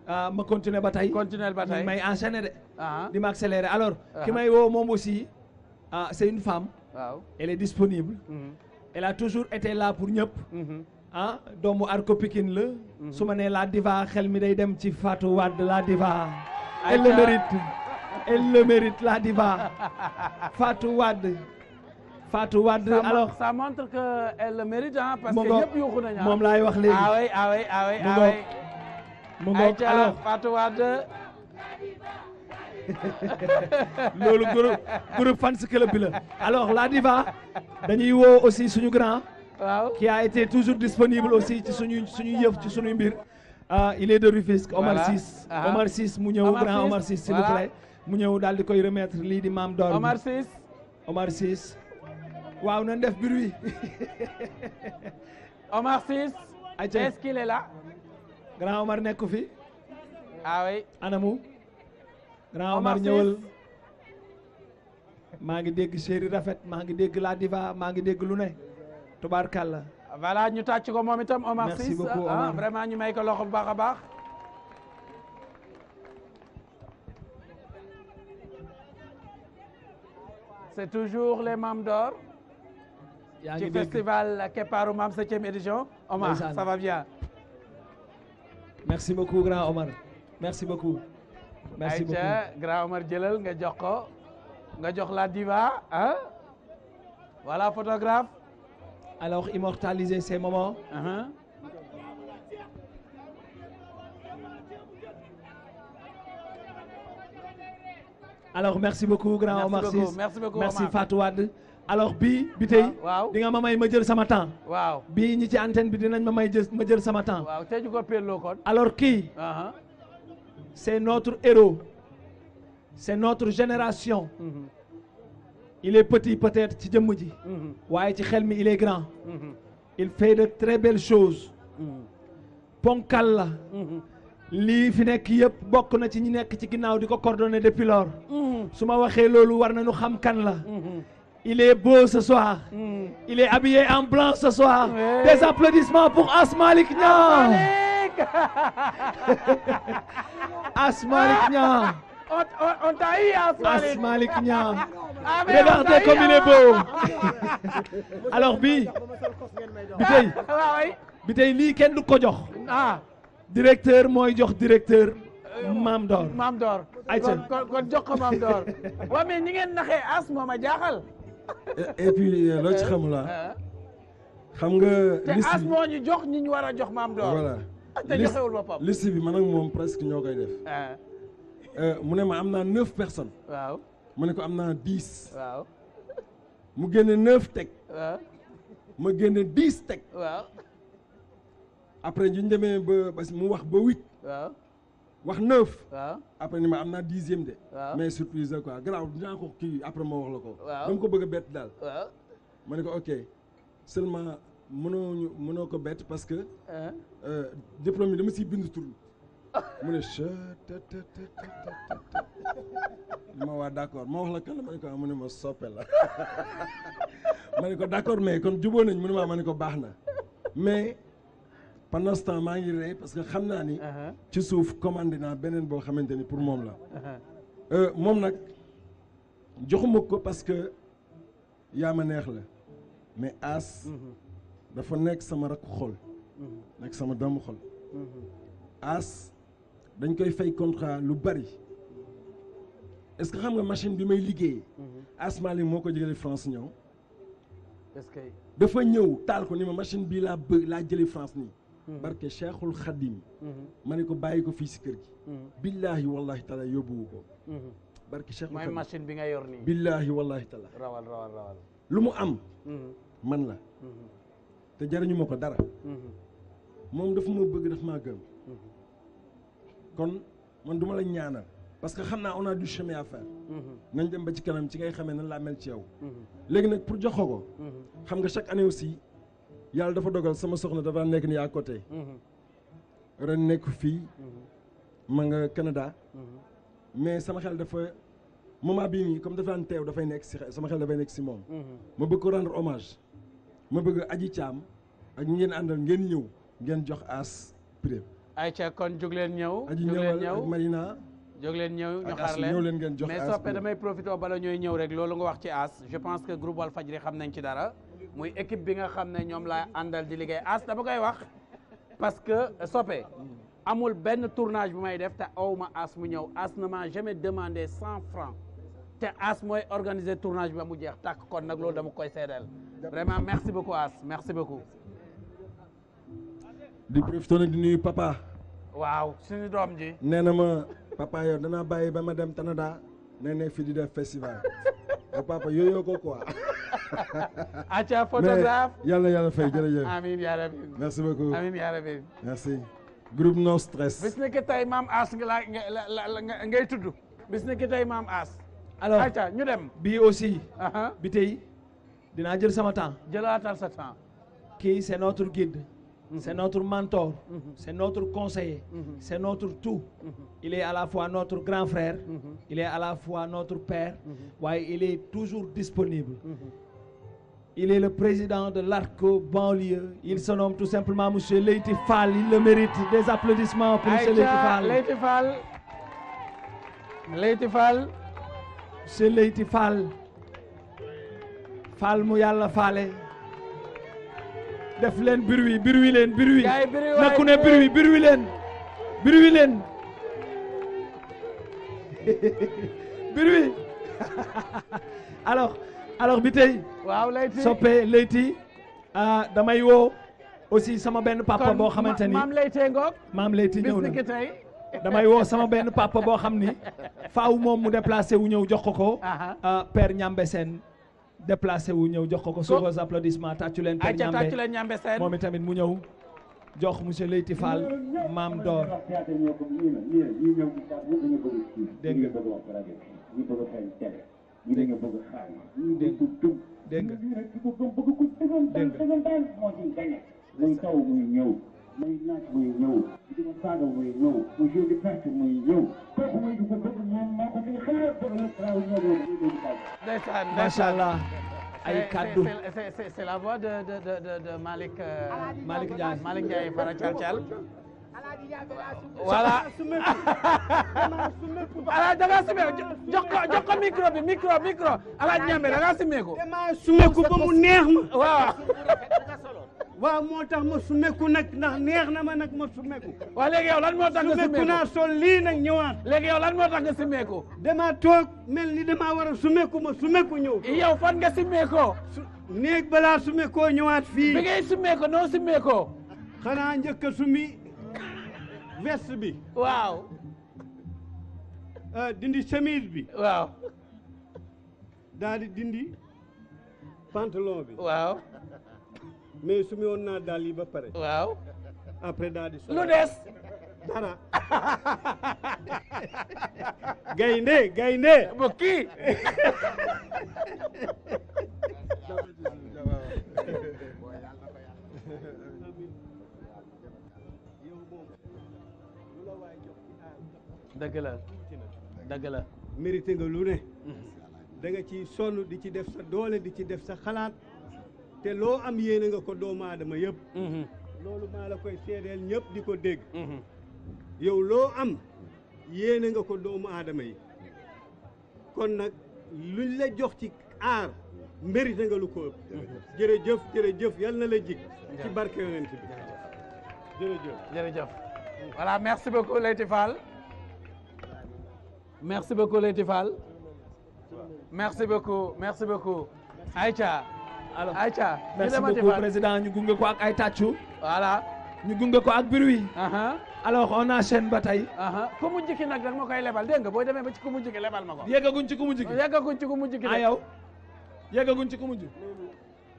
ah, ma continuer bataille. continuer bataille. Mais enchaîner de di ma accélérer alors ki may woo moom aussi ah c'est une femme. elle est disponible. Mhm. elle a toujours été là pour Nyop. Mhm. ah doomu Arko le, la. Mhm. la diva xel mi day dem ci Fatou la diva. elle le mérite elle le mérite la diva Fatou Wade. Fatou alors ça montre que elle le mérite hein, parce que Nyop yuuxu nañu hein. moom wax ah oui ah oui ah oui ah oui. Aïcha, Fatou Wade le groupe fans club alors la diva d'ailleurs wow, aussi son grand qui a été toujours disponible aussi son yeuf son il est de rufisque omar 6 omar 6 mu grand omar 6 s'il vous plaît mu ñew dal di koy remettre li di omar 6 omar 6 waaw def omar 6 est-ce qu'il est là grand omar Nekofi, fi ah oui anamou grand Omar Njol, ma ngi dégg série rafet ma ngi dégg la diva ma ngi dégg lu ne voilà ñu tàcc ko moom Omar merci beaucoup Omar ah, vraiment ñu may ko loxo bu baax baax c'est toujours les membres Dor du festival Keparu 7 septième édition Omar ça va bien merci beaucoup grand Omar merci beaucoup merci beaucoup ayca grand Omar jëlal nga jox ko nga jox la diva ah voilà photographe. alors immortaliser ces moments. Uh -huh. alors merci beaucoup grand Omar Ciss merci beaucoup merci Fatou bii bi tey. Ah, waaw di nga ma may ma jël sama temps. waaw bii ñi ci antenne bi dinañ ma may jël ma jël sama temps. waaw tey ju ko c'est notre héros. C'est notre génération. Mm-hmm. Il est petit peut-être, Tidjemoudi. mais mm-hmm. il est grand. Mm-hmm. Il fait de très belles choses. Ponkala, la. li fi nek yëpp bokk na ci ñi nek ci coordonner depuis lors su ma waxee war nañu xam kan la il est beau ce soir il est habillé en blanc ce soir des applaudissements pour Asmalik Asmalik nyam. On, t'a eu, Asmalik. Asmalik ah, il est hein. beau. Alors, bi. Bitey. Ah, Bitey, li ken ah. Directeur moi directeur. Euh, Mamdor. Dor Mam Dor. kon jox ko mais as ma et puis euh, l'autre ci xamula euh. xam nga. as ñu voilà. Je suis presque Je ah. euh, personnes. Je mu suis 10. 10. Je dix. waaw mu Je suis teg. waaw ma après je suis ba 8. mu wax ba suis waaw après je ma un 10e. mais surprise quoi un après ma wax suis ne ko ok seulement mënoo parce que. Hein? Euh, diplôme yi dama siy bind tur mu ne che te te te te ma waa d' accord ma wax la kan la ma ne ko ah mu ne ma soppe la ma ne ko d' accord mais kon jubóo nañ mu ne ma ma ne ko baax na mais pendant ce temps maa ngi rey parce que xam naa ni. Uh-huh. ci suuf commandé naa beneen boo xamante ni pour moom la. Uh-huh. Euh, moom nag joxuma ko parce que yaa ma neex la mais As. Mm-hmm. dafa nekk sama rakk xol. nek sama dom xol as dañ koy fay contrat lu bari est-ce que xam nga machine bi may liggéey as malik moko ko France ñëw est-ce que dafa ñëw tal ko ni ma machine bi la bëgg la jëlé France ni barke Cheikhul Khadim ma ne ko bàyyi ko fii si kër gi billahi wallahi taala yóbbuwu ko barke cheikh Khadim machine bi nga yor ni billahi wallahi taala rawal rawal rawal lu mu am man la te jarignu mako dara moom dafa ma bëgg daf maa gëm kon man duma la ñaanal parce que xam naa on du chemin à nañ dem ba ci kanam ci ngay xamee nan laa mel ci yow léegi nag pour jox ko xam nga chaque année aussi yàlla dafa dogal sama soxna dafa nekk nii à côté ren nekk fii ma nga Canada mais sama xel dafa moment bii nii comme dafa daan teew dafay nekk si sama xel dafay nekk si moom ma bëgg ko rendre omage ma bëgg aji caam ak ñi ngeen àndal ngeen ñëw ngeen jox as prime. ayca kon jóg leen ñëw. jóg leen ñew Marina. jóg leen ñëw ñu xar leen mais soppé damay profité bala ñoy ñew rek lolu nga wax ci as je pense que groupe Walfadjri xam nañ ci dara muy équipe bi nga xamné ñom la andal di liggéey as dama koy wax parce que soppé amul ben tournage bu may def te awma as mu ñew as na ma jamais demandé 100 francs te as moy organiser tournage ba mu jeex tak kon nak lolu dama koy seedeel vraiment merci beaucoup as merci beaucoup di profité nag di nuyu papa. waaw suñu doom ji. nee na ma papa yow danaa bàyyi ba ma dem Canada ne nekk fii di def festival ak papa yooyoo ko quoi. aca photographe mais yàlla yàlla fay jërëjëf. amiin yaa rabbi merci beaucoup amiin yaa rabbi merci. groupe No Stress. bis na ki tey maam As nga la ngay tudd. bis na ki tey maam As. alors ñu dem. bii aussi. bi tey dinaa jël sama temps. jëlaatal sa temps. kii c'est notre guide. c'est notre mentor, mhm. c'est notre conseiller, mhm. c'est notre tout. Mhm. Il est à la fois notre grand frère, il est à la fois notre père, il est toujours disponible. Il est le président de l'ARCO banlieue. Il se nomme tout simplement M. Leïti Fall. Il le mérite. Des applaudissements pour M. Leïti Fall. Leïti Fall. Leïti Fall. M. Leïti Fall. Fall def leen bruit bruit leen bruit na ku ne bruit bruit leen bruit leen bruit alors alors bi tey. waaw Leyti soppe Leyti ah, damay woo aussi sama benn papa boo xamante ni maam Leyti ngoog maam Leyti ñëw na damay woo sama benn papa boo xam ni faaw moom mu déplacé wu ñëw jox ko ko. Ah, père Ñambe Sène déplacé wu ñëw jox ko ko sur vos applaudissements tàccu leen leen ñambe seen moom itamit mu ñëw jox monsieur Leyti Fall maam door dégg nga dégg nga dégg nga C'est la voix de, Malik, euh, ah, Malik Malik ah, voilà micro micro micro waaw moo tax ma sumeku nag ndax neex na ma nag ma sumeku waaw léegi yow lan moo tax nga sumeku naa sol lii nag ñëwaat léegi yow lan moo tax nga sumeku dama toog mel ni dama war a sumeku ma sumeku ñëw yow fan nga sumekoo néeg balaa sumekoo ñëwaat fii bi ngay sumeko noo sumekoo xanaa njëkk a sumi bi waaw euh, dindi chemise bi waaw daal dindi pantalon bi waaw mais su mi woon naa daal yi ba pare. waaw. après daal di. lu des. dara. gaynde gaynde. bu kii. dëgg la nga lu ne. da ci sonn di ci def sa doole di ci def sa xalaat. te loo am yéene nga ko doomu aadama yëpp. Mhm. loolu maa la koy seedeel ñëpp di ko dégg. Mhm. yow loo am yéene nga ko doomu aadama kon nag luñ la jox ci aar mérite nga lu ko ëpp. jërëjëf jërëjëf yal na la ci barke yonent bi jërëjëf jërëjëf. voilà merci beaucoup Leyti Fall. Leyti Fall. merci beaucoup merci beaucoup alors ayca merci beaucoup président ñu gunge ko ak ay tàccu. voilà ñu gunge ko ak bruit. alors on enchaîne ba tey. ku mujj ki nag da ma koy lebal dégg nga boo demee ba ci ku mujj ki lebal ma ko. yeggaguñ ci ku mujj ki yeggaguñ ci ku mujj ki. ah yow yeggaguñ ci ku mujj.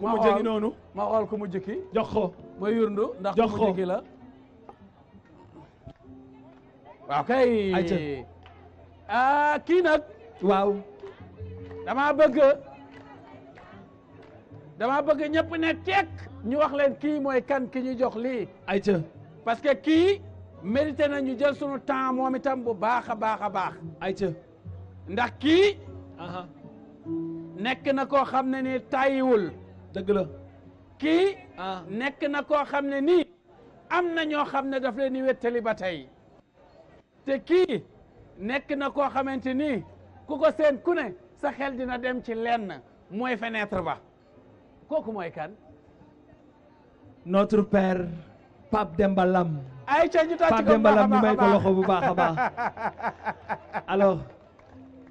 ku mujj ki noonu ma xool ku mujj ki. jox ko mooy yurndu ndax ku mujj ki la. waaw kay. ayca ah, kii nag. waaw. dama bëgg. dama bëgg ñëpp ne tekk ñu wax leen kii mooy kan ki ñu jox lii ay ca parce que kii mérité na ñu jël sunu temps moom itam bu baax a baax a baax ay ca ndax kii nekk na koo xam ne nii tàyyiwul dëgg la kii ah. nekk na koo xam ne nii am na ñoo xam ne daf leen di wettali ba tey te kii nekk na koo xamante nii ku ko seen ku ne sa xel dina dem ci lenn mooy fenêtre ba kooku moy kan notre père Pape Demba Lam ay ci ñu tàcc ko ba ba Lam ko loxo bu baaxa a baax alors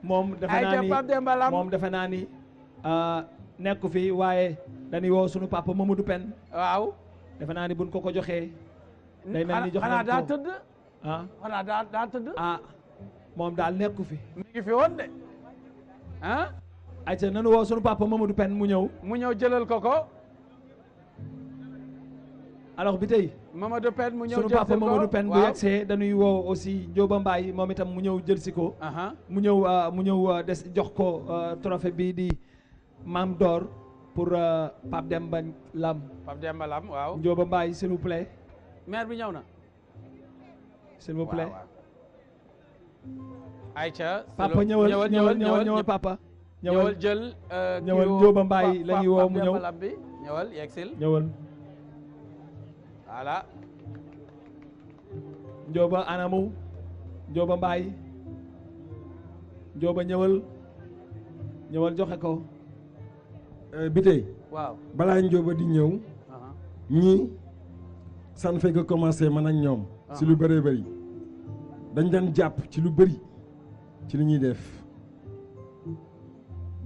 mom defe naa mom Pape Demba euh nekk fi waye dañuy wo suñu papa Mamadou Pen waaw defe naa buñ ko ko joxé day melni joxé ah xanaa daa ah mom daal nekk fi mi ngi fi won de ah ayca nanu woo sunu papa Mamadou Pène mu ñëw mu ñëw jëlal koko ko alors bi tey Mamadou Pène mu ñëw sunu papa Mamadou Pène bu yegsee dañuy woo aussi Ndioba Mbaye moom itam mu ñëw jël si ko. mu ñëw eh, mu ñëw eh, des jox ko eh, trophée bii di mam d'or pour Pape Demba Lam. Pape Demba Lam waaw. Ndioba Mbaye s'il vous plaît. maire bi ñëw na. s'il vous plaît. ayca. papa ñëwal ñëwal ñëwal ñëwal papa. ñëwal jël. Euh, ñëwal Njóoba Mbaay la ñuy woo mu ñëw ñëwal yegsil ñëwal. joxe ko. Euh, bi tey. balaa Njóoba di ñëw. ñii. ça ne fait que commencer man ak ñoom. si lu bëree bëri. dañ daan jàpp ci lu bëri. ci li ñuy def.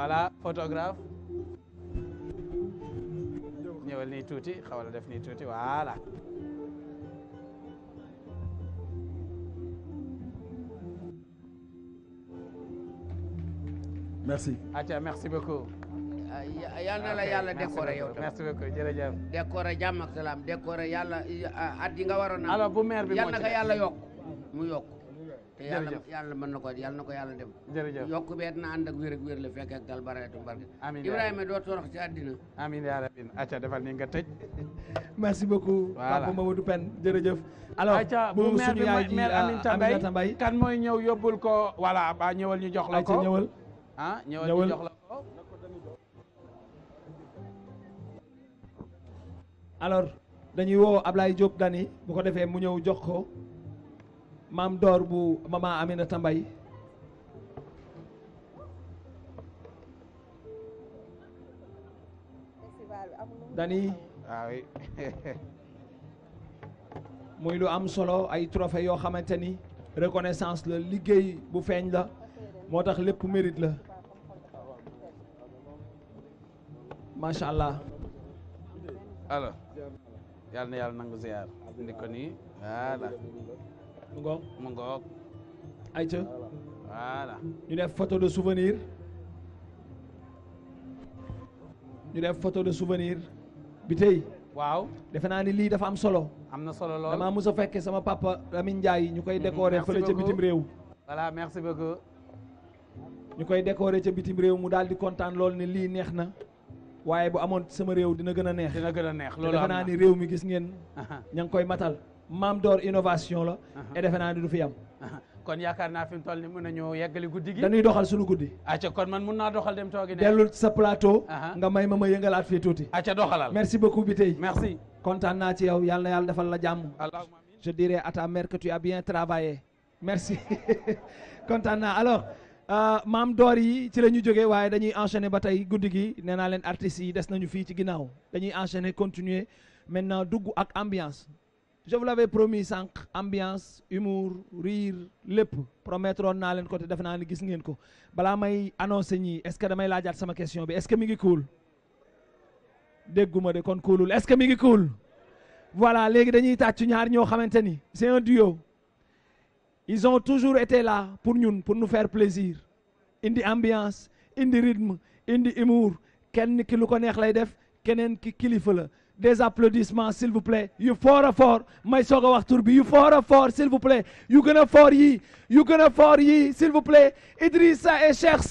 voilà photographe ñëwal ni tuti, xawal def ni tuti voilà merci atia merci beaucoup yal na la yàlla décoré yow tam merci beaucoup jërëjëf décoré jàmm ak salaam décoré yàlla ya, at ya, yi ah, nga waroon alors bu maire bi yal na ko yàlla mu yokk te yàlla mën na ko yàlla na ko yàlla dem jërëjëf yokk beet na ànd ak wér ak wér la fekk ak dal bareetu barke amiin Ibrahima doo torox ci àddina amiin yaa rabbi acca defal ni nga tëj merci beaucoup Papa Mamadou Pène jërëjëf alors acca bu maire bi maire ah, Aminata kan mooy ñëw yóbbul ko voilà ba ñëwal ñu jox la ko ñëwal ah ñëwal ñu jox la ko alors dañuy woo Ablaye Diop Dani bu ko defee mu ñëw jox ko maam door bu mama Aminata Mbaye dani ah muy lu am solo ay trophée yoo xamante ni reconnaissance la liggéey bu feeñ la moo tax lépp mérite la macha allah. alors na yàlla nangu voilà ñu photo de souvenir ñu photo de souvenir bi wow waaw dafa am solo Amna solo lool Dama nous a sama papa Lamine ñukoy mhm. décorer ci bitim rew. voilà merci beaucoup Ñukoy décorer ci bitim rew mu de di l'ol lool bu amone sama rew dina gëna neex dina gëna neex loolu ni mi gis maam d'or innovation la. et defena naa du fi am. kon yaakaar naa fi mu toll nii mën yeggali guddi gi. dañuy doxal suñu guddi. acca kon man mun naa doxal dem togi ne. dellul sa plateau. nga may ma ma yëngalaat fii acca doxalal merci beaucoup bi tay merci kontaan ci yow yalla na defal la jamm je dirais à ta mère que tu as bien travaillé. merci kontaan alors euh, maam dor yi ci lañu ñu waye dañuy enchaîner ba tay guddi gi nee naa leen artistes yi des nañu fi ci ginnaaw dañuy enchaîner continuer maintenant dugg ak ambiance je vous l'avais promis sank ambiance humour rire lépp promettroon naa leen ko te defe ni gis ngeen ko bala may annoncé ni est-ce que damay lajat sama question bi est-ce que mi ngi cool dégguma de kon coolul est-ce que mi ngi cool voilà légui dañuy tatchu ñaar ño xamante c'est un duo ils ont toujours été là pour ñun pour nous faire plaisir indi ambiance indi rythme indi humour kenn ki lu ko neex lay def kenen ki kilifa la des applaudissements s'il vous plaît You for a for. My so go wax you bi a for, s'il vous plaît You gonna for ye. you gonna for ye, s'il vous plaît Idrissa et Cheikh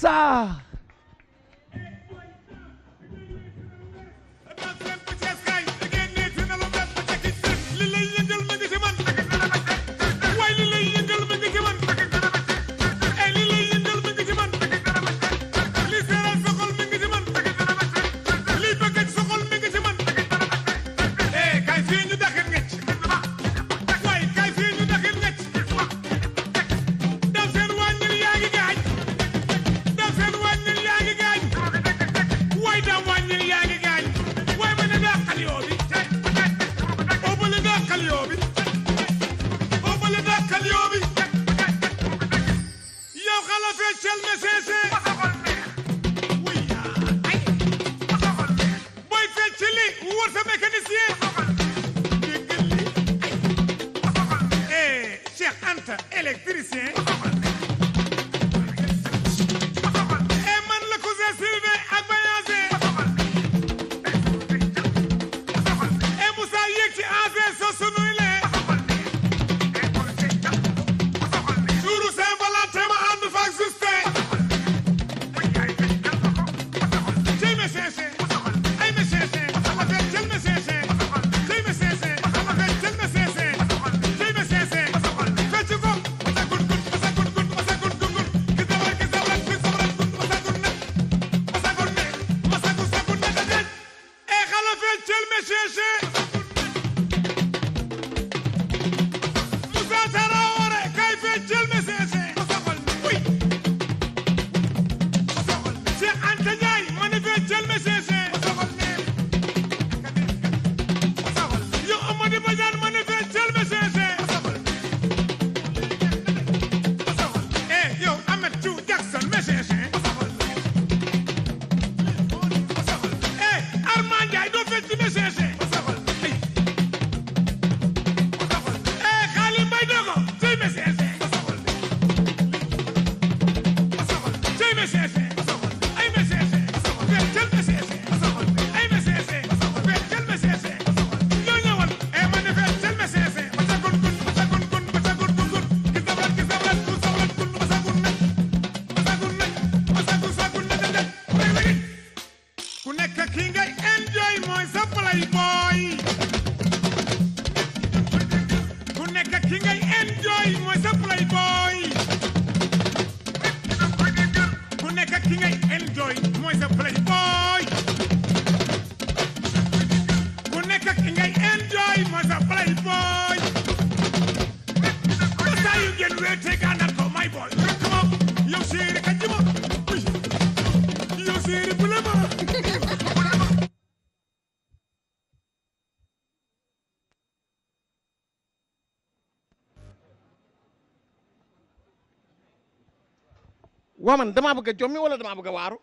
waman dama bëgg jommi wala dama bëgg waru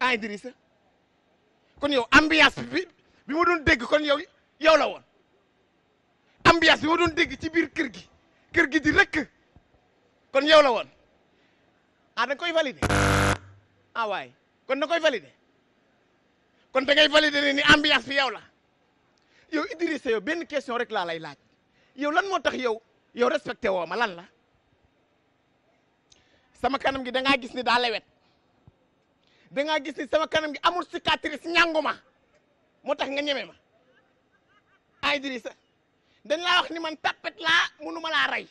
ay ah Idrissa kon yow ambiance bi bi mu doon dégg kon yow yow la won ambiance bi mu doon dégg ci bir kër gi kër gi di rek kon yow la won a ah, da koy valider ah way kon da koy valider kon da ngay valider ni ambiance bi yow la yow Idrissa yow benn question rek la lay laaj yow lan mo tax yow yow respecté wo ma lan la sama kanam gi da nga gis ni da lewet da nga gis ni sama kanam gi amul cicatrice ñanguma motax nga ñeme ma dan Idrissa dañ la wax ni man tapet la munuma laa ray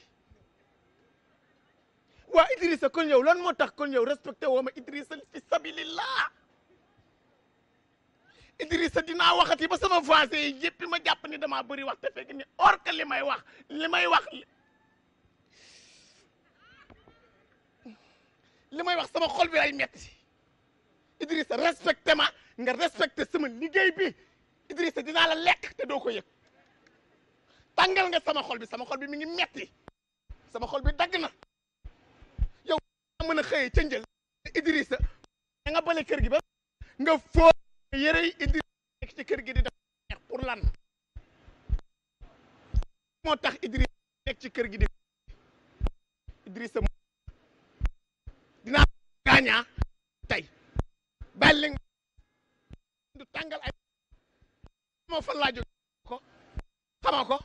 wa Idrissa kon yow lan motax kon yow respecté wo ma Idrissa fi sabilillah Idrissa dina waxati ba sama voisin yépp ma japp ni dama bëri wax te fekk ni or que limay wax limay wax li may wax sama xol bi lay metti sa respecté ma nga respecté sama liggéey bi Idrissa dinaa la lekk te doo ko yëg tàngal nga sama xol bi sama xol bi mi ngi metti sama xol bi dagg na yow mën a xëyee ca njël sa da nga bale kër gi ba nga foo yërey Idrissa nekk ci kër gi di def neex pour lan moo tax Idrissa nekk ci kër gi di Idrissa dinaa gaañaa tey bàyyi leen du tàngal ay moo fan laa jóg ko xamaa ko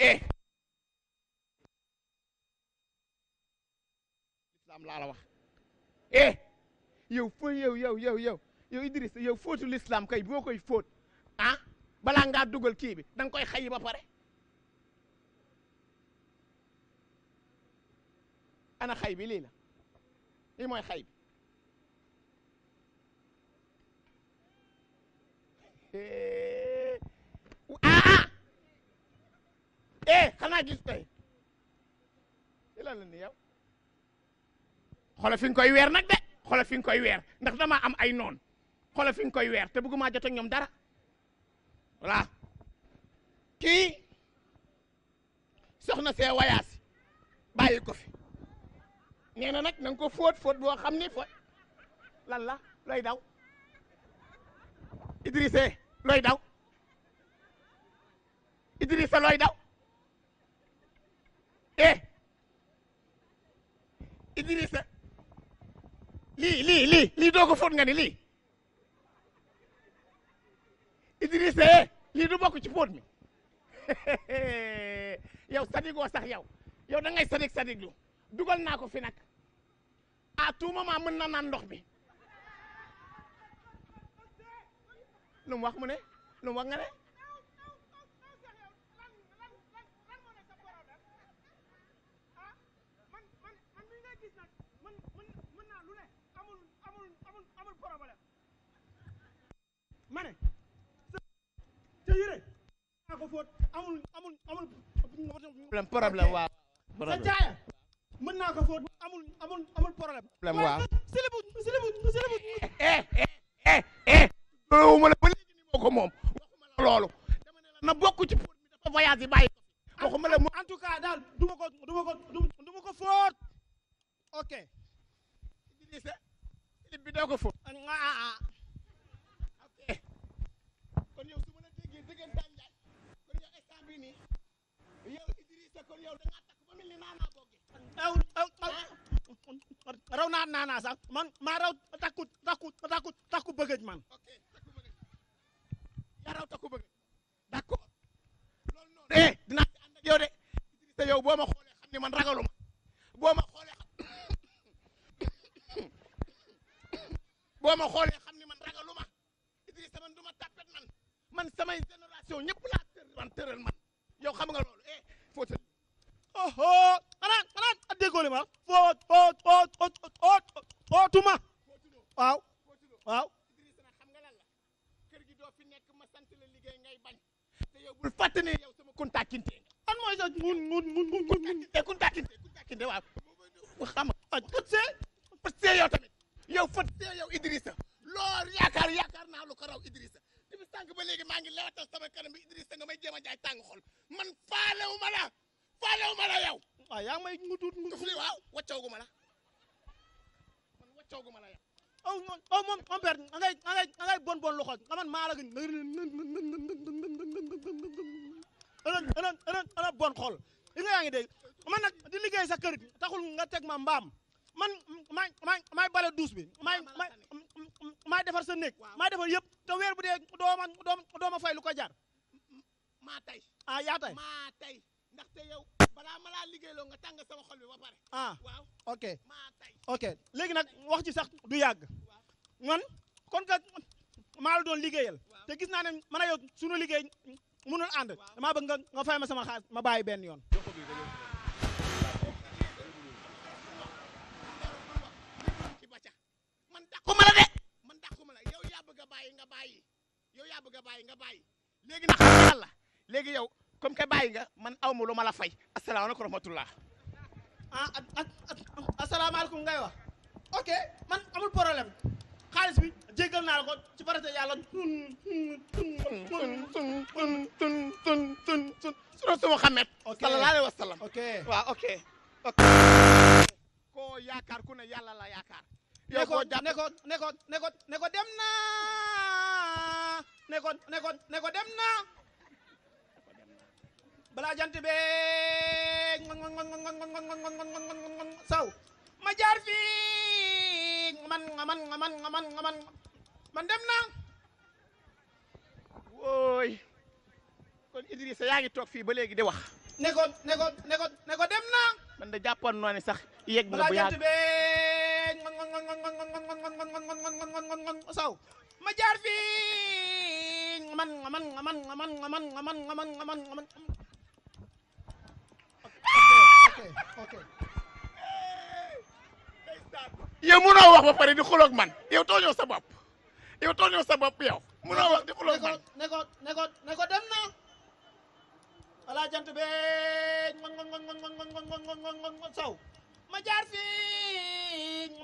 eh lislaam laa la wax eh yow foo yow yow yow yow yow Idrissa yow fóotu lislaam kay boo koy fóot ah balaa ngaa dugal kii bi da koy xayi ba pare ana xay bi lii la lii mooy xay bi ah eh xanaa gis koy di lan la ni yow xoolal fi koy weer nag de xoolal koy weer ndax dama am ay noon xoolal fi koy weer te bëgguma jot ak ñoom dara voilà kii soxna see wayaasi bàyyi ko fi nee na nag na nga ko fóot fóot boo xam ni fóot lan la looy daw Idrissa looy daw Idrissa looy daw eh Idrissa lii lii lii lii doo ko fóot nga ni lii Idrissa eh lii du bokk ci póot mi yow sadigoo sax yow yow da ngay sadig sadig lu dugal naa ko fi nag à tout moment mën na naan ndox mi lu mu wax mu ne lu nga ne ma ne sa naa ko fóot amul amul amul problème problème waaw sa caaya mën naa ko fóot amul amul loolu ma la ba moo ko moom waxuma la loolu na bokk ci fóot mi dafa voyage yi bàyyi waxuma la en tout cas daal du ma ko du ma ko du ma ko fóot ok ko fóot kon yow da ngaa takk ba raw naa naanaa sax man maa raw takku takku takku takku man. yaa raw takku bëggëj d' accord loolu noonu. eh dinaa ci de Idrissa yow boo ma xoolee xam ne man ragaluma boo ma xoolee xam ne man ragaluma du ma tàppet man man samay génération ñëpp laa tëral man tëral man yow xam nga lool eh foo oho xanaa xanaa a déggoole ma foo ootuma waaw waaw bul fàtte ne yow sama kontaakinte an mooy sax mun mun mun mun eh, kontaakinte kontaakinte kontaakinte waaw xam nga fat see fat see yow tamit yow fat see yow Idrissa lool yaakaar yaakaar naa lu ko raw Idrissa depuis sànq ba léegi maa ngi lewatal sama kanam bi Idrissa nga may jéem a jaay tàng xol man faalewu ma la faalewu ma la yow. waaw yaa may mu tuut mu tuut waaw wàcceegu ma la man ma la yow. aw moom aw moom mon père ngay ngay ngay bon bon loxo man maa la gën. ana bon xol li nga yaa ngi dégg man nag di liggéey sa kër taxul nga teg ma mbaam man maay maay maay bale ma bi maay maay defar sa néeg maay defar yëpp te weer bu dee doo ma doo fay lu ko jar. maa tey ah yaa tey ndaxte yow balaa ma laa liggéeyloo nga tàng sama xol bi ba pare. ah ok ok léegi nag wax ci sax du yàgg man kon ka maa doon liggéeyal te gis naa ne man a sunu liggéey mënul ànd damaa bëgg nga nga fay ma sama xaalis ma bàyyi benn yoon. man dàqu ma la de man dàqu ma la yow yaa bëgg a nga bàyyi yow yaa bëgg a bàyyi nga bàyyi léegi léegi yow. comme que bàyyi nga man aw ma lu la fay asalaamaaleykum rahmatullah ah asalaamaaleykum ngay ok man amul problème xaalis bi jéggal naa ko ci barata yàlla tun tun tun tun ok waaw ok ok koo yaakaar ku ne yàlla la yaakaar ne ko ne ne ko ne ne ko dem Belajar jant saw ma jaar fii man man man man man man dem naa wooy kon Idrissa yaa ngi toog ba di wax ne ko ne ko ne ko ne ko dem naa man da jàppoon noo sax yegg nga bu yàgg bee ngon ngon ngon ngon ngon ngon ngon ngon ngon ngon ngon ngon ngon saw ma jaar fii man man man man man man man man man yow munoo wax ba pare di xuloog man yow toño sa bopp yow tooñoo sa bopp yow wax di xuloog man Neko neko neko dem na ala jant be ngong ngong ngong ngong ngong ngong ngong ngong saw ma jaar fi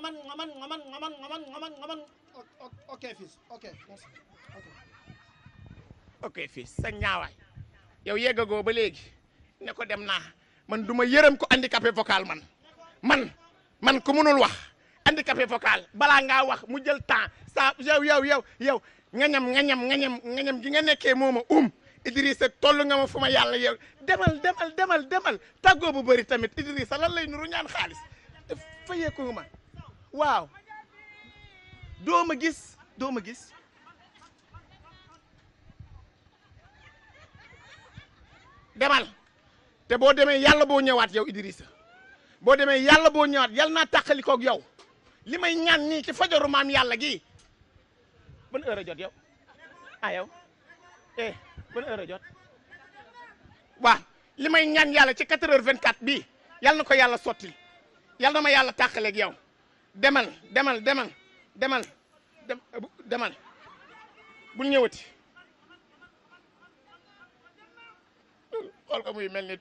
man man man man man man man ok fils ok merci ok fils sa ñaawaay yow yegago ba léegi ne dem na man duma yeureum ko handicapé vocal man man man ku munul wax handicapé vocal bala nga wax mu jël temps sa yow yow yow yow nga ñam nga gi nga nekké moma um Idrissa toll nga ma fuma yalla yow demal demal demal demal tago bu bari tamit Idrissa lan lay nuru ñaan xaalis fayeeku ma waaw doo ma gis doma gis demal te boo demee yàlla boo ñëwaat yow Idrissa boo demee yàlla boo ñëwaat yàlla naa tàqalikoog yow li may ñaan nii ci fajaru maam yàlla gi ban heure a jot yow ah yow eh jot waaw li may ñaan yàlla ci 4 heures 24 bi yàlla na ko yàlla sotti yàlla na ma yàlla tàqaleeg yow demal demal demal demal demal bul ñëwati xool ko muy mel ni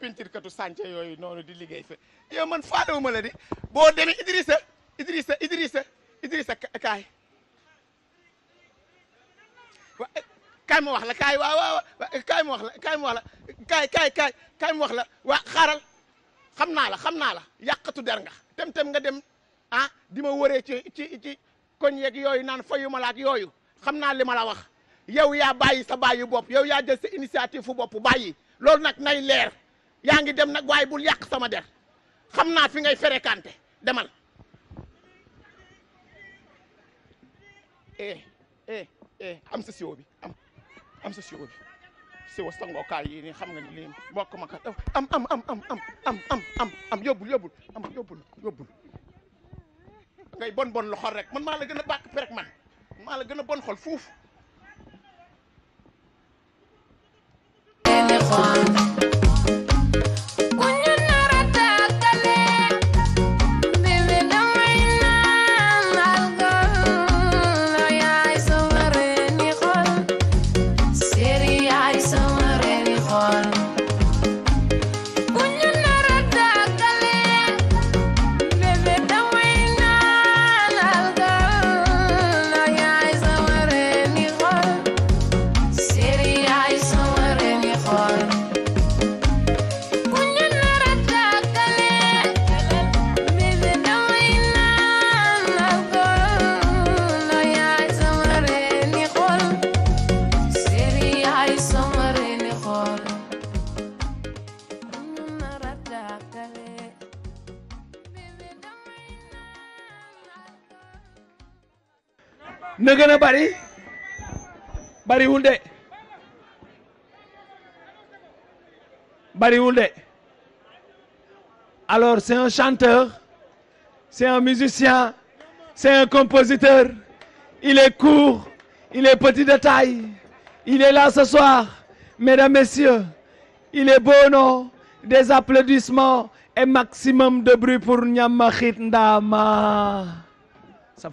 peinture katu sànce yooyu nonu di liggéey fe yow man faalewuma la di bo demee Idrissa Idrissa Idrissa Idrissa kay. Kay, mo wax la kay wa, wa kay mo wax la kay, mo wax la kay kay kay kay mo wax la wa xaral xamna la xamna la yàqatu der nga tem tem nga dem ah dima woré ci ci ci koñ yeeg yooyu nan fayu ma la ak yooyu xam naa la wax yow ya bàyyi sa bàyyi bop yow ya jël sa initiative fu bop bàyyi lol nak nay leer yaa ngi dem nag waaye bul yàq sama der xam naa fi ngay fréquenté demal eh eh eh am sa siwo bi am am sa siwo bi siwo sangookaay yi nii xam nga ni lii ma kat am am am am am am am am am yóbbul yóbbul am yóbbul yóbbul ngay bon bon loxol rek man maa la gën a bàkk perek ma maa la gën a bon xol fuuf alors c'est un chanteur c'est un musicien c'est un compositeur il est court il est petit de taille il est là ce soir mesdames messieurs il est beau non des applaudissements et maximum de bruit pour Ñamaxit Ndama Ça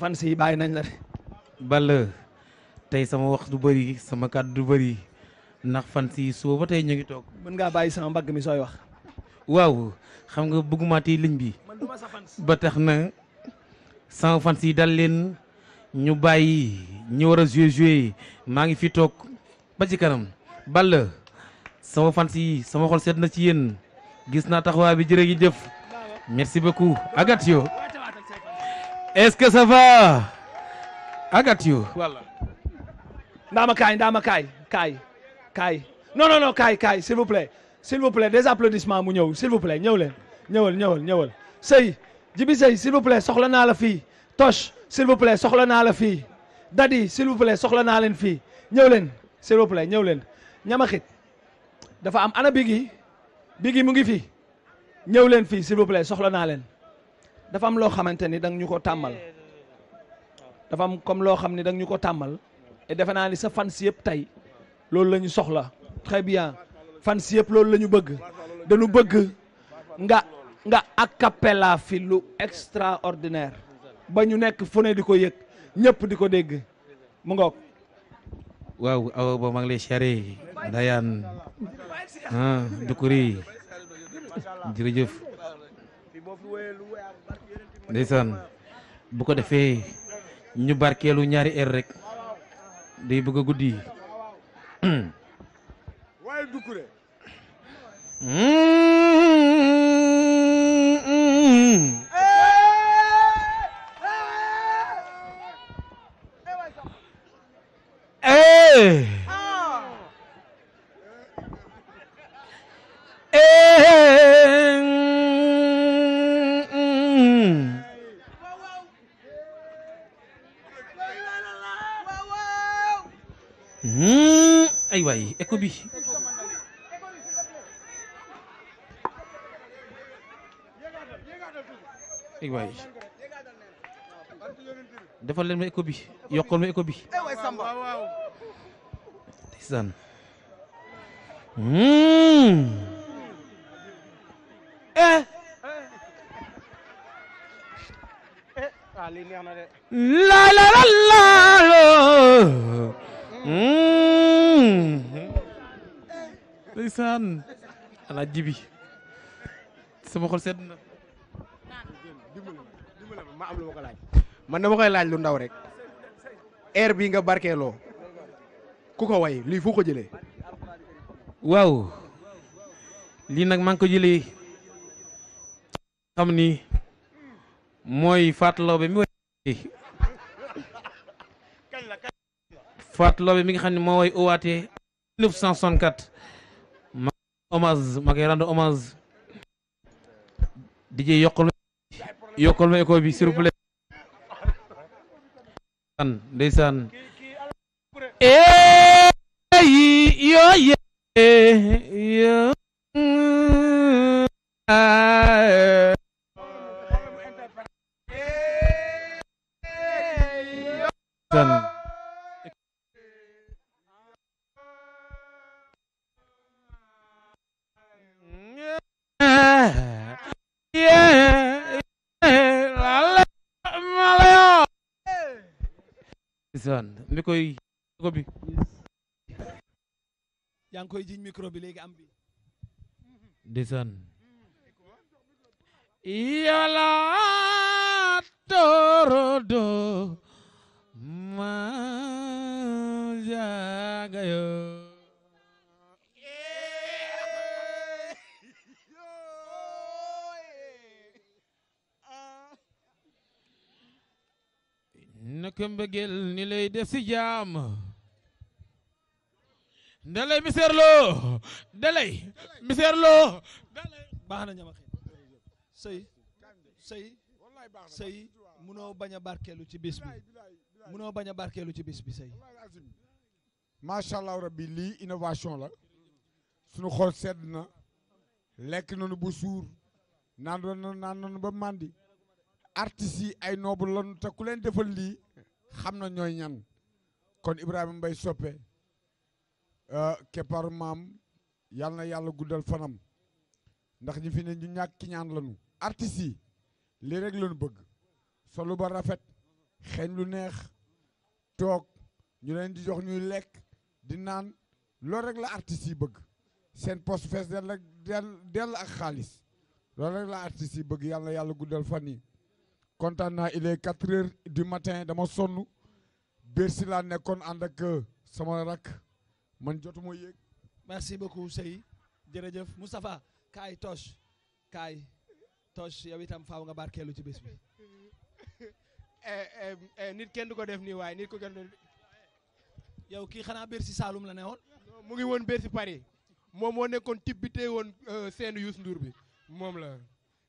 Balle, tay sama wax du bari sama kàddu du bari nak fan ci suba ba tey ñu ngi mën nga bayyi sama mbagg mi soy wax. waw xam nga bëgguma tey liñ bi. ba tax na sama fan ci dal leen ñu bayyi ñu wara jouer jouer ma ngi fi tok ba ci kanam balle sama fan ci sama xol set na ci yeen gis na taxwa bi jere gi def merci beaucoup agatio. yo est-ce que ça va. I got you. voilà. Ndama Kaay Ndama Kaay Kaay Kaay non non non Kaay Kaay s'il vous plaît s'il vous plaît des applaudissements mu ñëw s'il vous plaît ñëw leen ñëwal ñëwal ñëwal Sey Jibi Sey s'il vous soxla naa la fii Toch s'il vous plaît soxla naa la fii Dadi s'il vous plaît soxla naa leen fii ñëw leen s'il vous plaît ñëw leen ñamaxit dafa am ana bigi bigi mu ngi fii ñëw leen fii s'il vous plaît soxla naa leen dafa am loo xamante ni danga ñu ko tàmmal. dafa am comme lo xamni dag ñuko tamal et defena ni sa fans yep tay lolou lañu soxla très bien fans yep lolou lañu bëgg dañu bëgg nga nga cappella fi lu extraordinaire ba ñu nekk fune diko yek ko diko deg mu ngok waaw aw ba lay ah dukuri jërëjëf ndeysaan bu ko defé ñu barkeelu ñaari er rek day bëgg a guddi waaye dukure Hey! Eh! waay écho bi ay waay defal leen ma écho bi yokkal ma bi ndeysaan eh la la la ndeysaan alaaj jibi sama xol sedd na ma laaj man dama koy laaj lu ndaw rek air bi nga barkeeloo ku ko way lii foo ko jëlee waaw lii nag maa ngi ko jëlee xam ni mooy Fatou Laobé mi way Fatou Laobé mi nga xam ne moo way owaatee 1964 hommage ma koy rendre hommage di jee yokkal yokkal ma écho bi s'il vous plaît ndeysaan eeyi yooye Yang koi jin bi yaa ngi koy torodo ma ak mbëggeel ni lay def si jaam dalay Mister Lo dalay Mister Lo dalay baax na ñama xëy sëy sëy sëy munoo bañ a barkeelu ci bis bi munoo bañ barkeelu ci bis bi sëy allah rabbi lii innovation la suñu xol sedd na lekk nañu ba suur naan naan ba màndi artistes ay noobu lanu te ku defal lii xamna ñoy ñan kon Ibrahim Mbaye Sopé euh, keppar maam mam na yalla guddal fanam ndax ñi fi ne ñu ñak ki ñaan lañu artiste yi li rek lañu bëgg solu ba rafet xéñ lu neex tok ñu leen di jox ñuy lek di naan lo rek la artiste yi bëgg sen poste fess del del ak xaliss lo rek la artiste yi bëgg yalla yalla guddal kontaan naa il est quatre heures du matin dama sonn Bercy laa nekkoon ànd ak euh, sama rak man jotuma yéeg. merci beaucoup Sey jërëjëf Moustapha kaay Toch kaay Toch yow itam faaw nga barkeelu ci bés bi. Eh, eh, eh, nit kenn du ko def nii waaye nit ko kenn yow kii xanaa Bercy saalum la ne woon. mu ngi woon Bercy Paris moom moo nekkoon tibbite woon euh, seenu Youssou Ndour bi moom la.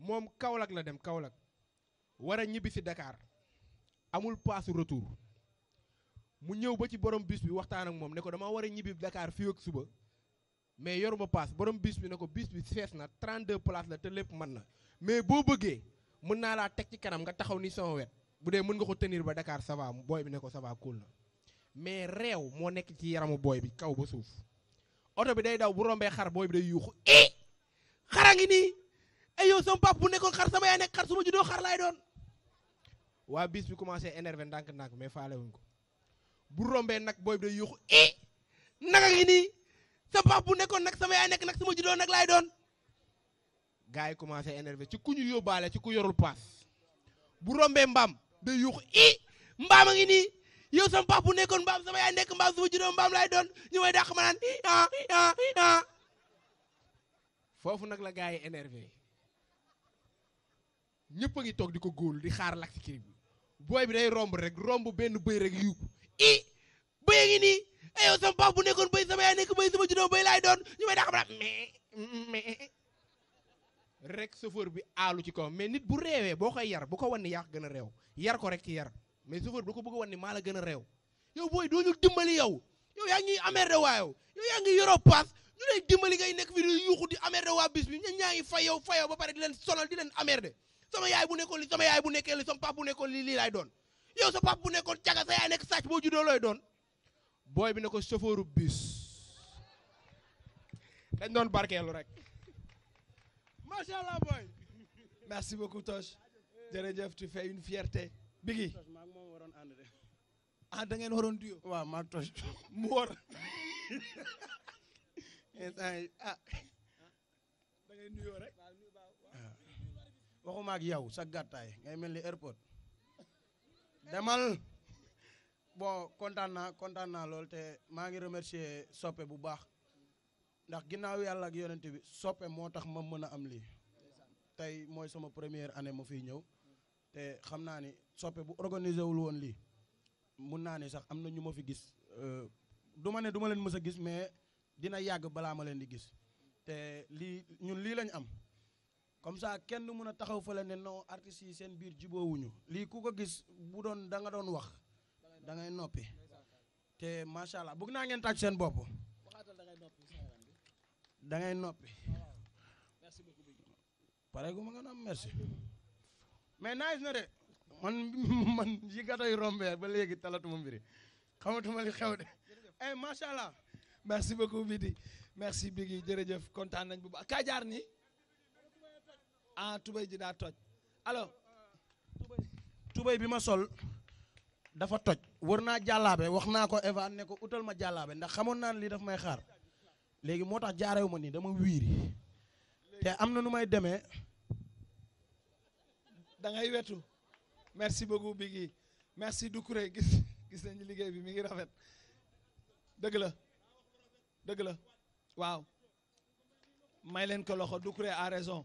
moom Kaolack la dem Kaolack war a ñibbi si dakaar amul paasu retour mu ñëw ba ci borom bis bi waxtaan ak moom ne ko dama war a ñibbi Dakar fii ak suba mais yoruma paas borom bis bi ne ko bis bi fees na trent 32 places la te lépp man na mais boo bëggee mën naa laa teg ci kanam nga taxaw ni sama wet bu dee mën nga ko tenir ba dakaar saba booy bi ne ko ça va cool na mais réew moo nekk ci yaramu booy bi kaw ba suuf oto bi day daw bu rombee xar bo bi day yuuxu eh! ay yow sama pap bu nekkoon xar sama yaay nekk xar sama juddoo xar laay doon waa bis bi commencé énervé ndànk-ndànk mais faale wuñ ko bu rombee nag booy bi day yuuxu i naka ngi nii sama bu nekkoon nag sama yaay nekk nag sama juddoo nag laay doon gars yi commencé énervé ci ku ñu yóbbaale ci ku yorul paas bu rombee mbaam day yuuxu i mbaam ngi nii yow sama pap nekkoon mbaam sama yaay nekk mbaam sama juddoo mbaam laay doon ñu may dàq ma naan ah, ah, ah. foofu nag la gars yi énervé ñëpp a ngi toog di ko góolu di xaar Lac Kiri bi booy bi day romb rek romb benn bëy rek yuuku i bëy ngi nii ayow eh, sama pap bu nekkoon bëy sama yaay nekk bëy sama juddoo bëy laay doon ñu may daa xam na mais mais rek chauffeur bi aalu ci kaw mais nit bu reewee boo koy yar bu ko wan ni yaa gën a réew yar ko rek ci yar mais chauffeur bi da ko bëgg a wan ni maa la gën a réew yow booy doo ñu dimbali yow yow yaa ngi amer de waa yow yaa ngi yoroo paas ñu lay ngay nekk fi di yuuxu di amer de waa bis fay ba pare di leen sonal di leen amer sama yaay bu nekkoon li sama yaay bu nekkee li sama pap bu nekkoon li lii laay doon yow sa pap bu nekkon caga sa yaay nekk sàcc boo juddoo looy doon booy bi ne ko chauffeuru bus dañ doon barkeelu rek macha allah booy merci beaucoup Toch jërëjëf tu fais une fierté Bigi. ah da ngeen waroon duyo waaw ma Toch mu war ah da ngeen nuyoo rek waxuma maak yow sa gàttaay ngay mel ni airport demal bon kontaan naa kontaan naa lool te maa ngi remercier soppe bu baax ndax ginnaaw yàlla ak yonent bi soppe moo tax ma mën a am lii tey mooy sama première année ma fiy ñëw te xam naa ni soppe bu organisé wul woon lii mun naa ne sax am na ñu ma fi gis euh, du ma ne duma leen mës a gis mais dina yàgg balaa ma leen di gis te lii ñun lii lañ am comme ça kenn mën a taxaw fa la ne non artiste yi seen biir wuñu li ku ko gis bu doon da nga doon wax da ngay noppi te macha allah bëgg naa ngeen tàcc seen bopp da ngay noppi ah, paré ko ma nga am merci mais nice na dé man man yi gatay rombé ba léegi talatuma mbiri xamatuma li xew dé eh macha allah merci beaucoup Bidi merci Biggi jërëjëf content nañ bu ba kaa jaar ah tubéy ji daa toj alo tubéy bi ma sol dafa toj wër naa jàllaabe wax naa ko Eva ne ko utal ma jàllaabe ndax xamoon naa ne lii daf may xaar léegi moo tax jaarewu ma nii dama wiiri te am na nu may demee dangay ngay wetu merci beaucoup Bigui merci Doucouré gis gis nañu liggéey bi mi ngi rafet dëgg la dëgg la waaw may leen ko loxo Doucouré a raison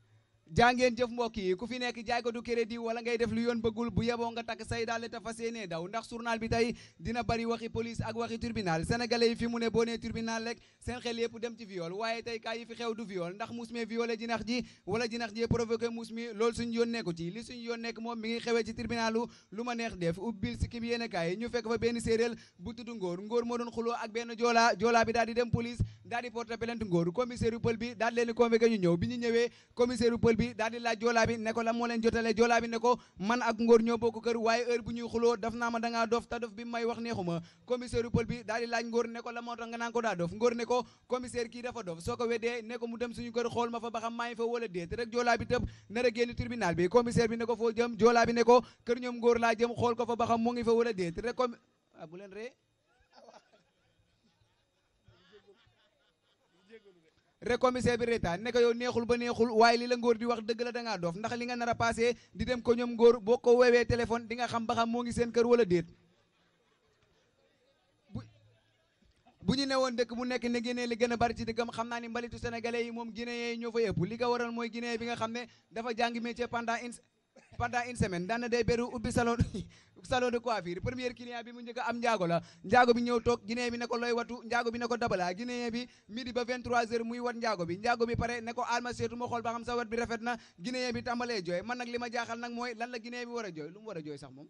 jaa ngeen jëf mbokk yi ku fi nekk jaay ko du crédit wala ngay def lu yoon bëggul bu yeboo nga takk say daal ta fas yéene daw ndax journal bi tey dina bari waxi police ak waxi tribunal sénégalais yi fi mu ne boo nee tribunal rek seen xel yëpp dem ci viol waaye tey kaa yi fi xew du viol ndax muus mi violé jinax ji wala jinax ji provoqué muus mi loolu suñu yoon nekku ci li suñu yoon nekk moom mi ngi xewee ci tribunalu lu ma neex def u pël bi bi daal di laaj joolaa bi ne ko la moo leen jotale joolaa bi ne ko man ak ngóor ñoo bokk kër waaye heure bu ñuy xuloo daf naa ma dangaa dof ta dof bi may wax neexuma commissaire u pël bi daal di laaj ngóor ne ko la moo tax nga naan ko daa dof ngóor ne ko commissaire kii dafa dof soo ko weddee ne ko mu dem suñu kër xool ma fa ba xam maa ngi fa wala déet rek joolaa bi tëb nar génn tribunal bi commissaire bi ne ko foo jëm joolaa bi ne ko kër ñoom ngóor laa xam mu ngi fa rek commissaire bi reetaan yow neexul ba neexul waaye li la ngóor di wax dëgg la danga doof ndax li nga nar a passé di dem ko ñoom ngóor boo ko weewee téléphone di nga xam ba xam moo ngi seen kër wala déet bu ñu woon dëkk bu nekk ne Guinée li gën a bari ci dëkkam xam naa ni mbalitu sénégalais yi moom Guinée yi ñoo fa ëpp li ko waral mooy Guinée bi nga xam ne dafa jàng métier pendant une pendant une semaine daan na day beru ubbi salon salon de coiffure premier client bi mu njëkk am njaago la njaago bi ñëw toog guinéen bi ne ko looy watu njaago bi ne ko dabala guinéen bi midi ba 23 heures muy wat njaago bi njaago bi pare ne ko alma seetu ma xool ba xam sa wat bi rafet na guinéen bi tàmbalee jooy man nag li ma jaaxal nag mooy lan la guinéen bi war a jooy lu mu war a jooy sax moom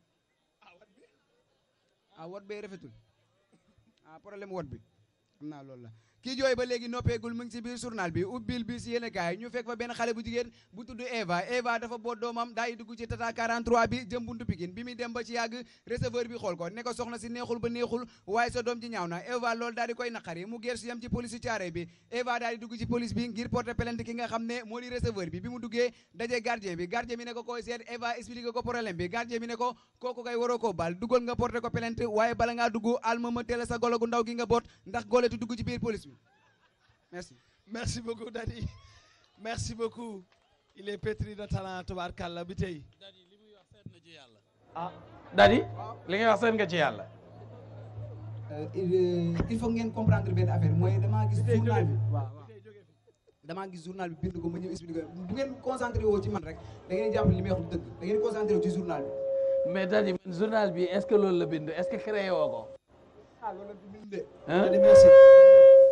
ah wat ah bee rafetul ah problème wat bi xam naa loolu la ki jooy ba léegi noppeegul mu ngi ci biir journal bi ubbil bi ci yéen kaay ñu fekk fa benn xale bu jigéen bu tudd Eva Eva dafa boot doomam daa dugg ci tata 43 bi jëm buntu Pikine bi muy dem ba ci yàgg receveur bi xool ko ne ko soxna si neexul ba neexul waaye sa doom ji ñaaw na Eva loolu daal di koy naqari mu gersu yam ci police caare bi Eva daal dugg ci police bi ngir porter plainte ki nga xam ne moo di receveur bi bi mu duggee daje gardien bi gardien bi ne ko koy seet Eva expliqué ko problème bi gardien bi ne ko kooku kay gi nga boot ndax Merci. Merci beaucoup, Daddy. Merci beaucoup. Il est pétri de talent, à Bitey. Daddy, wax Ah, Daddy, ah. li euh, euh, il faut bien comprendre benn affaire mooy journal bi journal bi bind ko ma bu concentré ci man rek journal mais Daddy le journal est-ce que vous le bind est-ce que créé ah le la hein? merci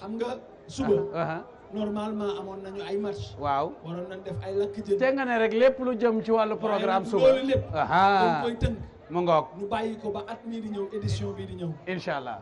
xam nga suba. Ah, ah, ah. normalement amoon nañu ay match. waaw waroon nañ def ay lakk jën. nga ne rek lépp lu jëm ci wàllu programme suba loolu lépp. dañ koy tënk. mu ngoog ñu bàyyi ko ba at mii di ñëw édition bi di ñëw. incha allah.